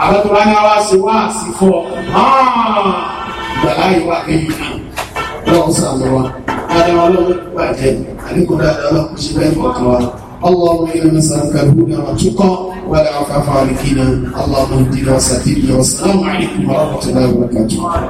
àwọn tó bá ní wá sí wá sí fún ọ gbàlá yìí wà kéyìn náà lọ́wọ́ sàmì wa dáadáa ọlọ́run bàjẹ́ àdínkù dáadáa ọlọ́run ṣe bẹ́ẹ̀ fọ̀kàn wa. اللهم إنا نسألك الهدى والتقى والعفاف والغنى اللهم اهدنا وسددنا والسلام عليكم ورحمة الله وبركاته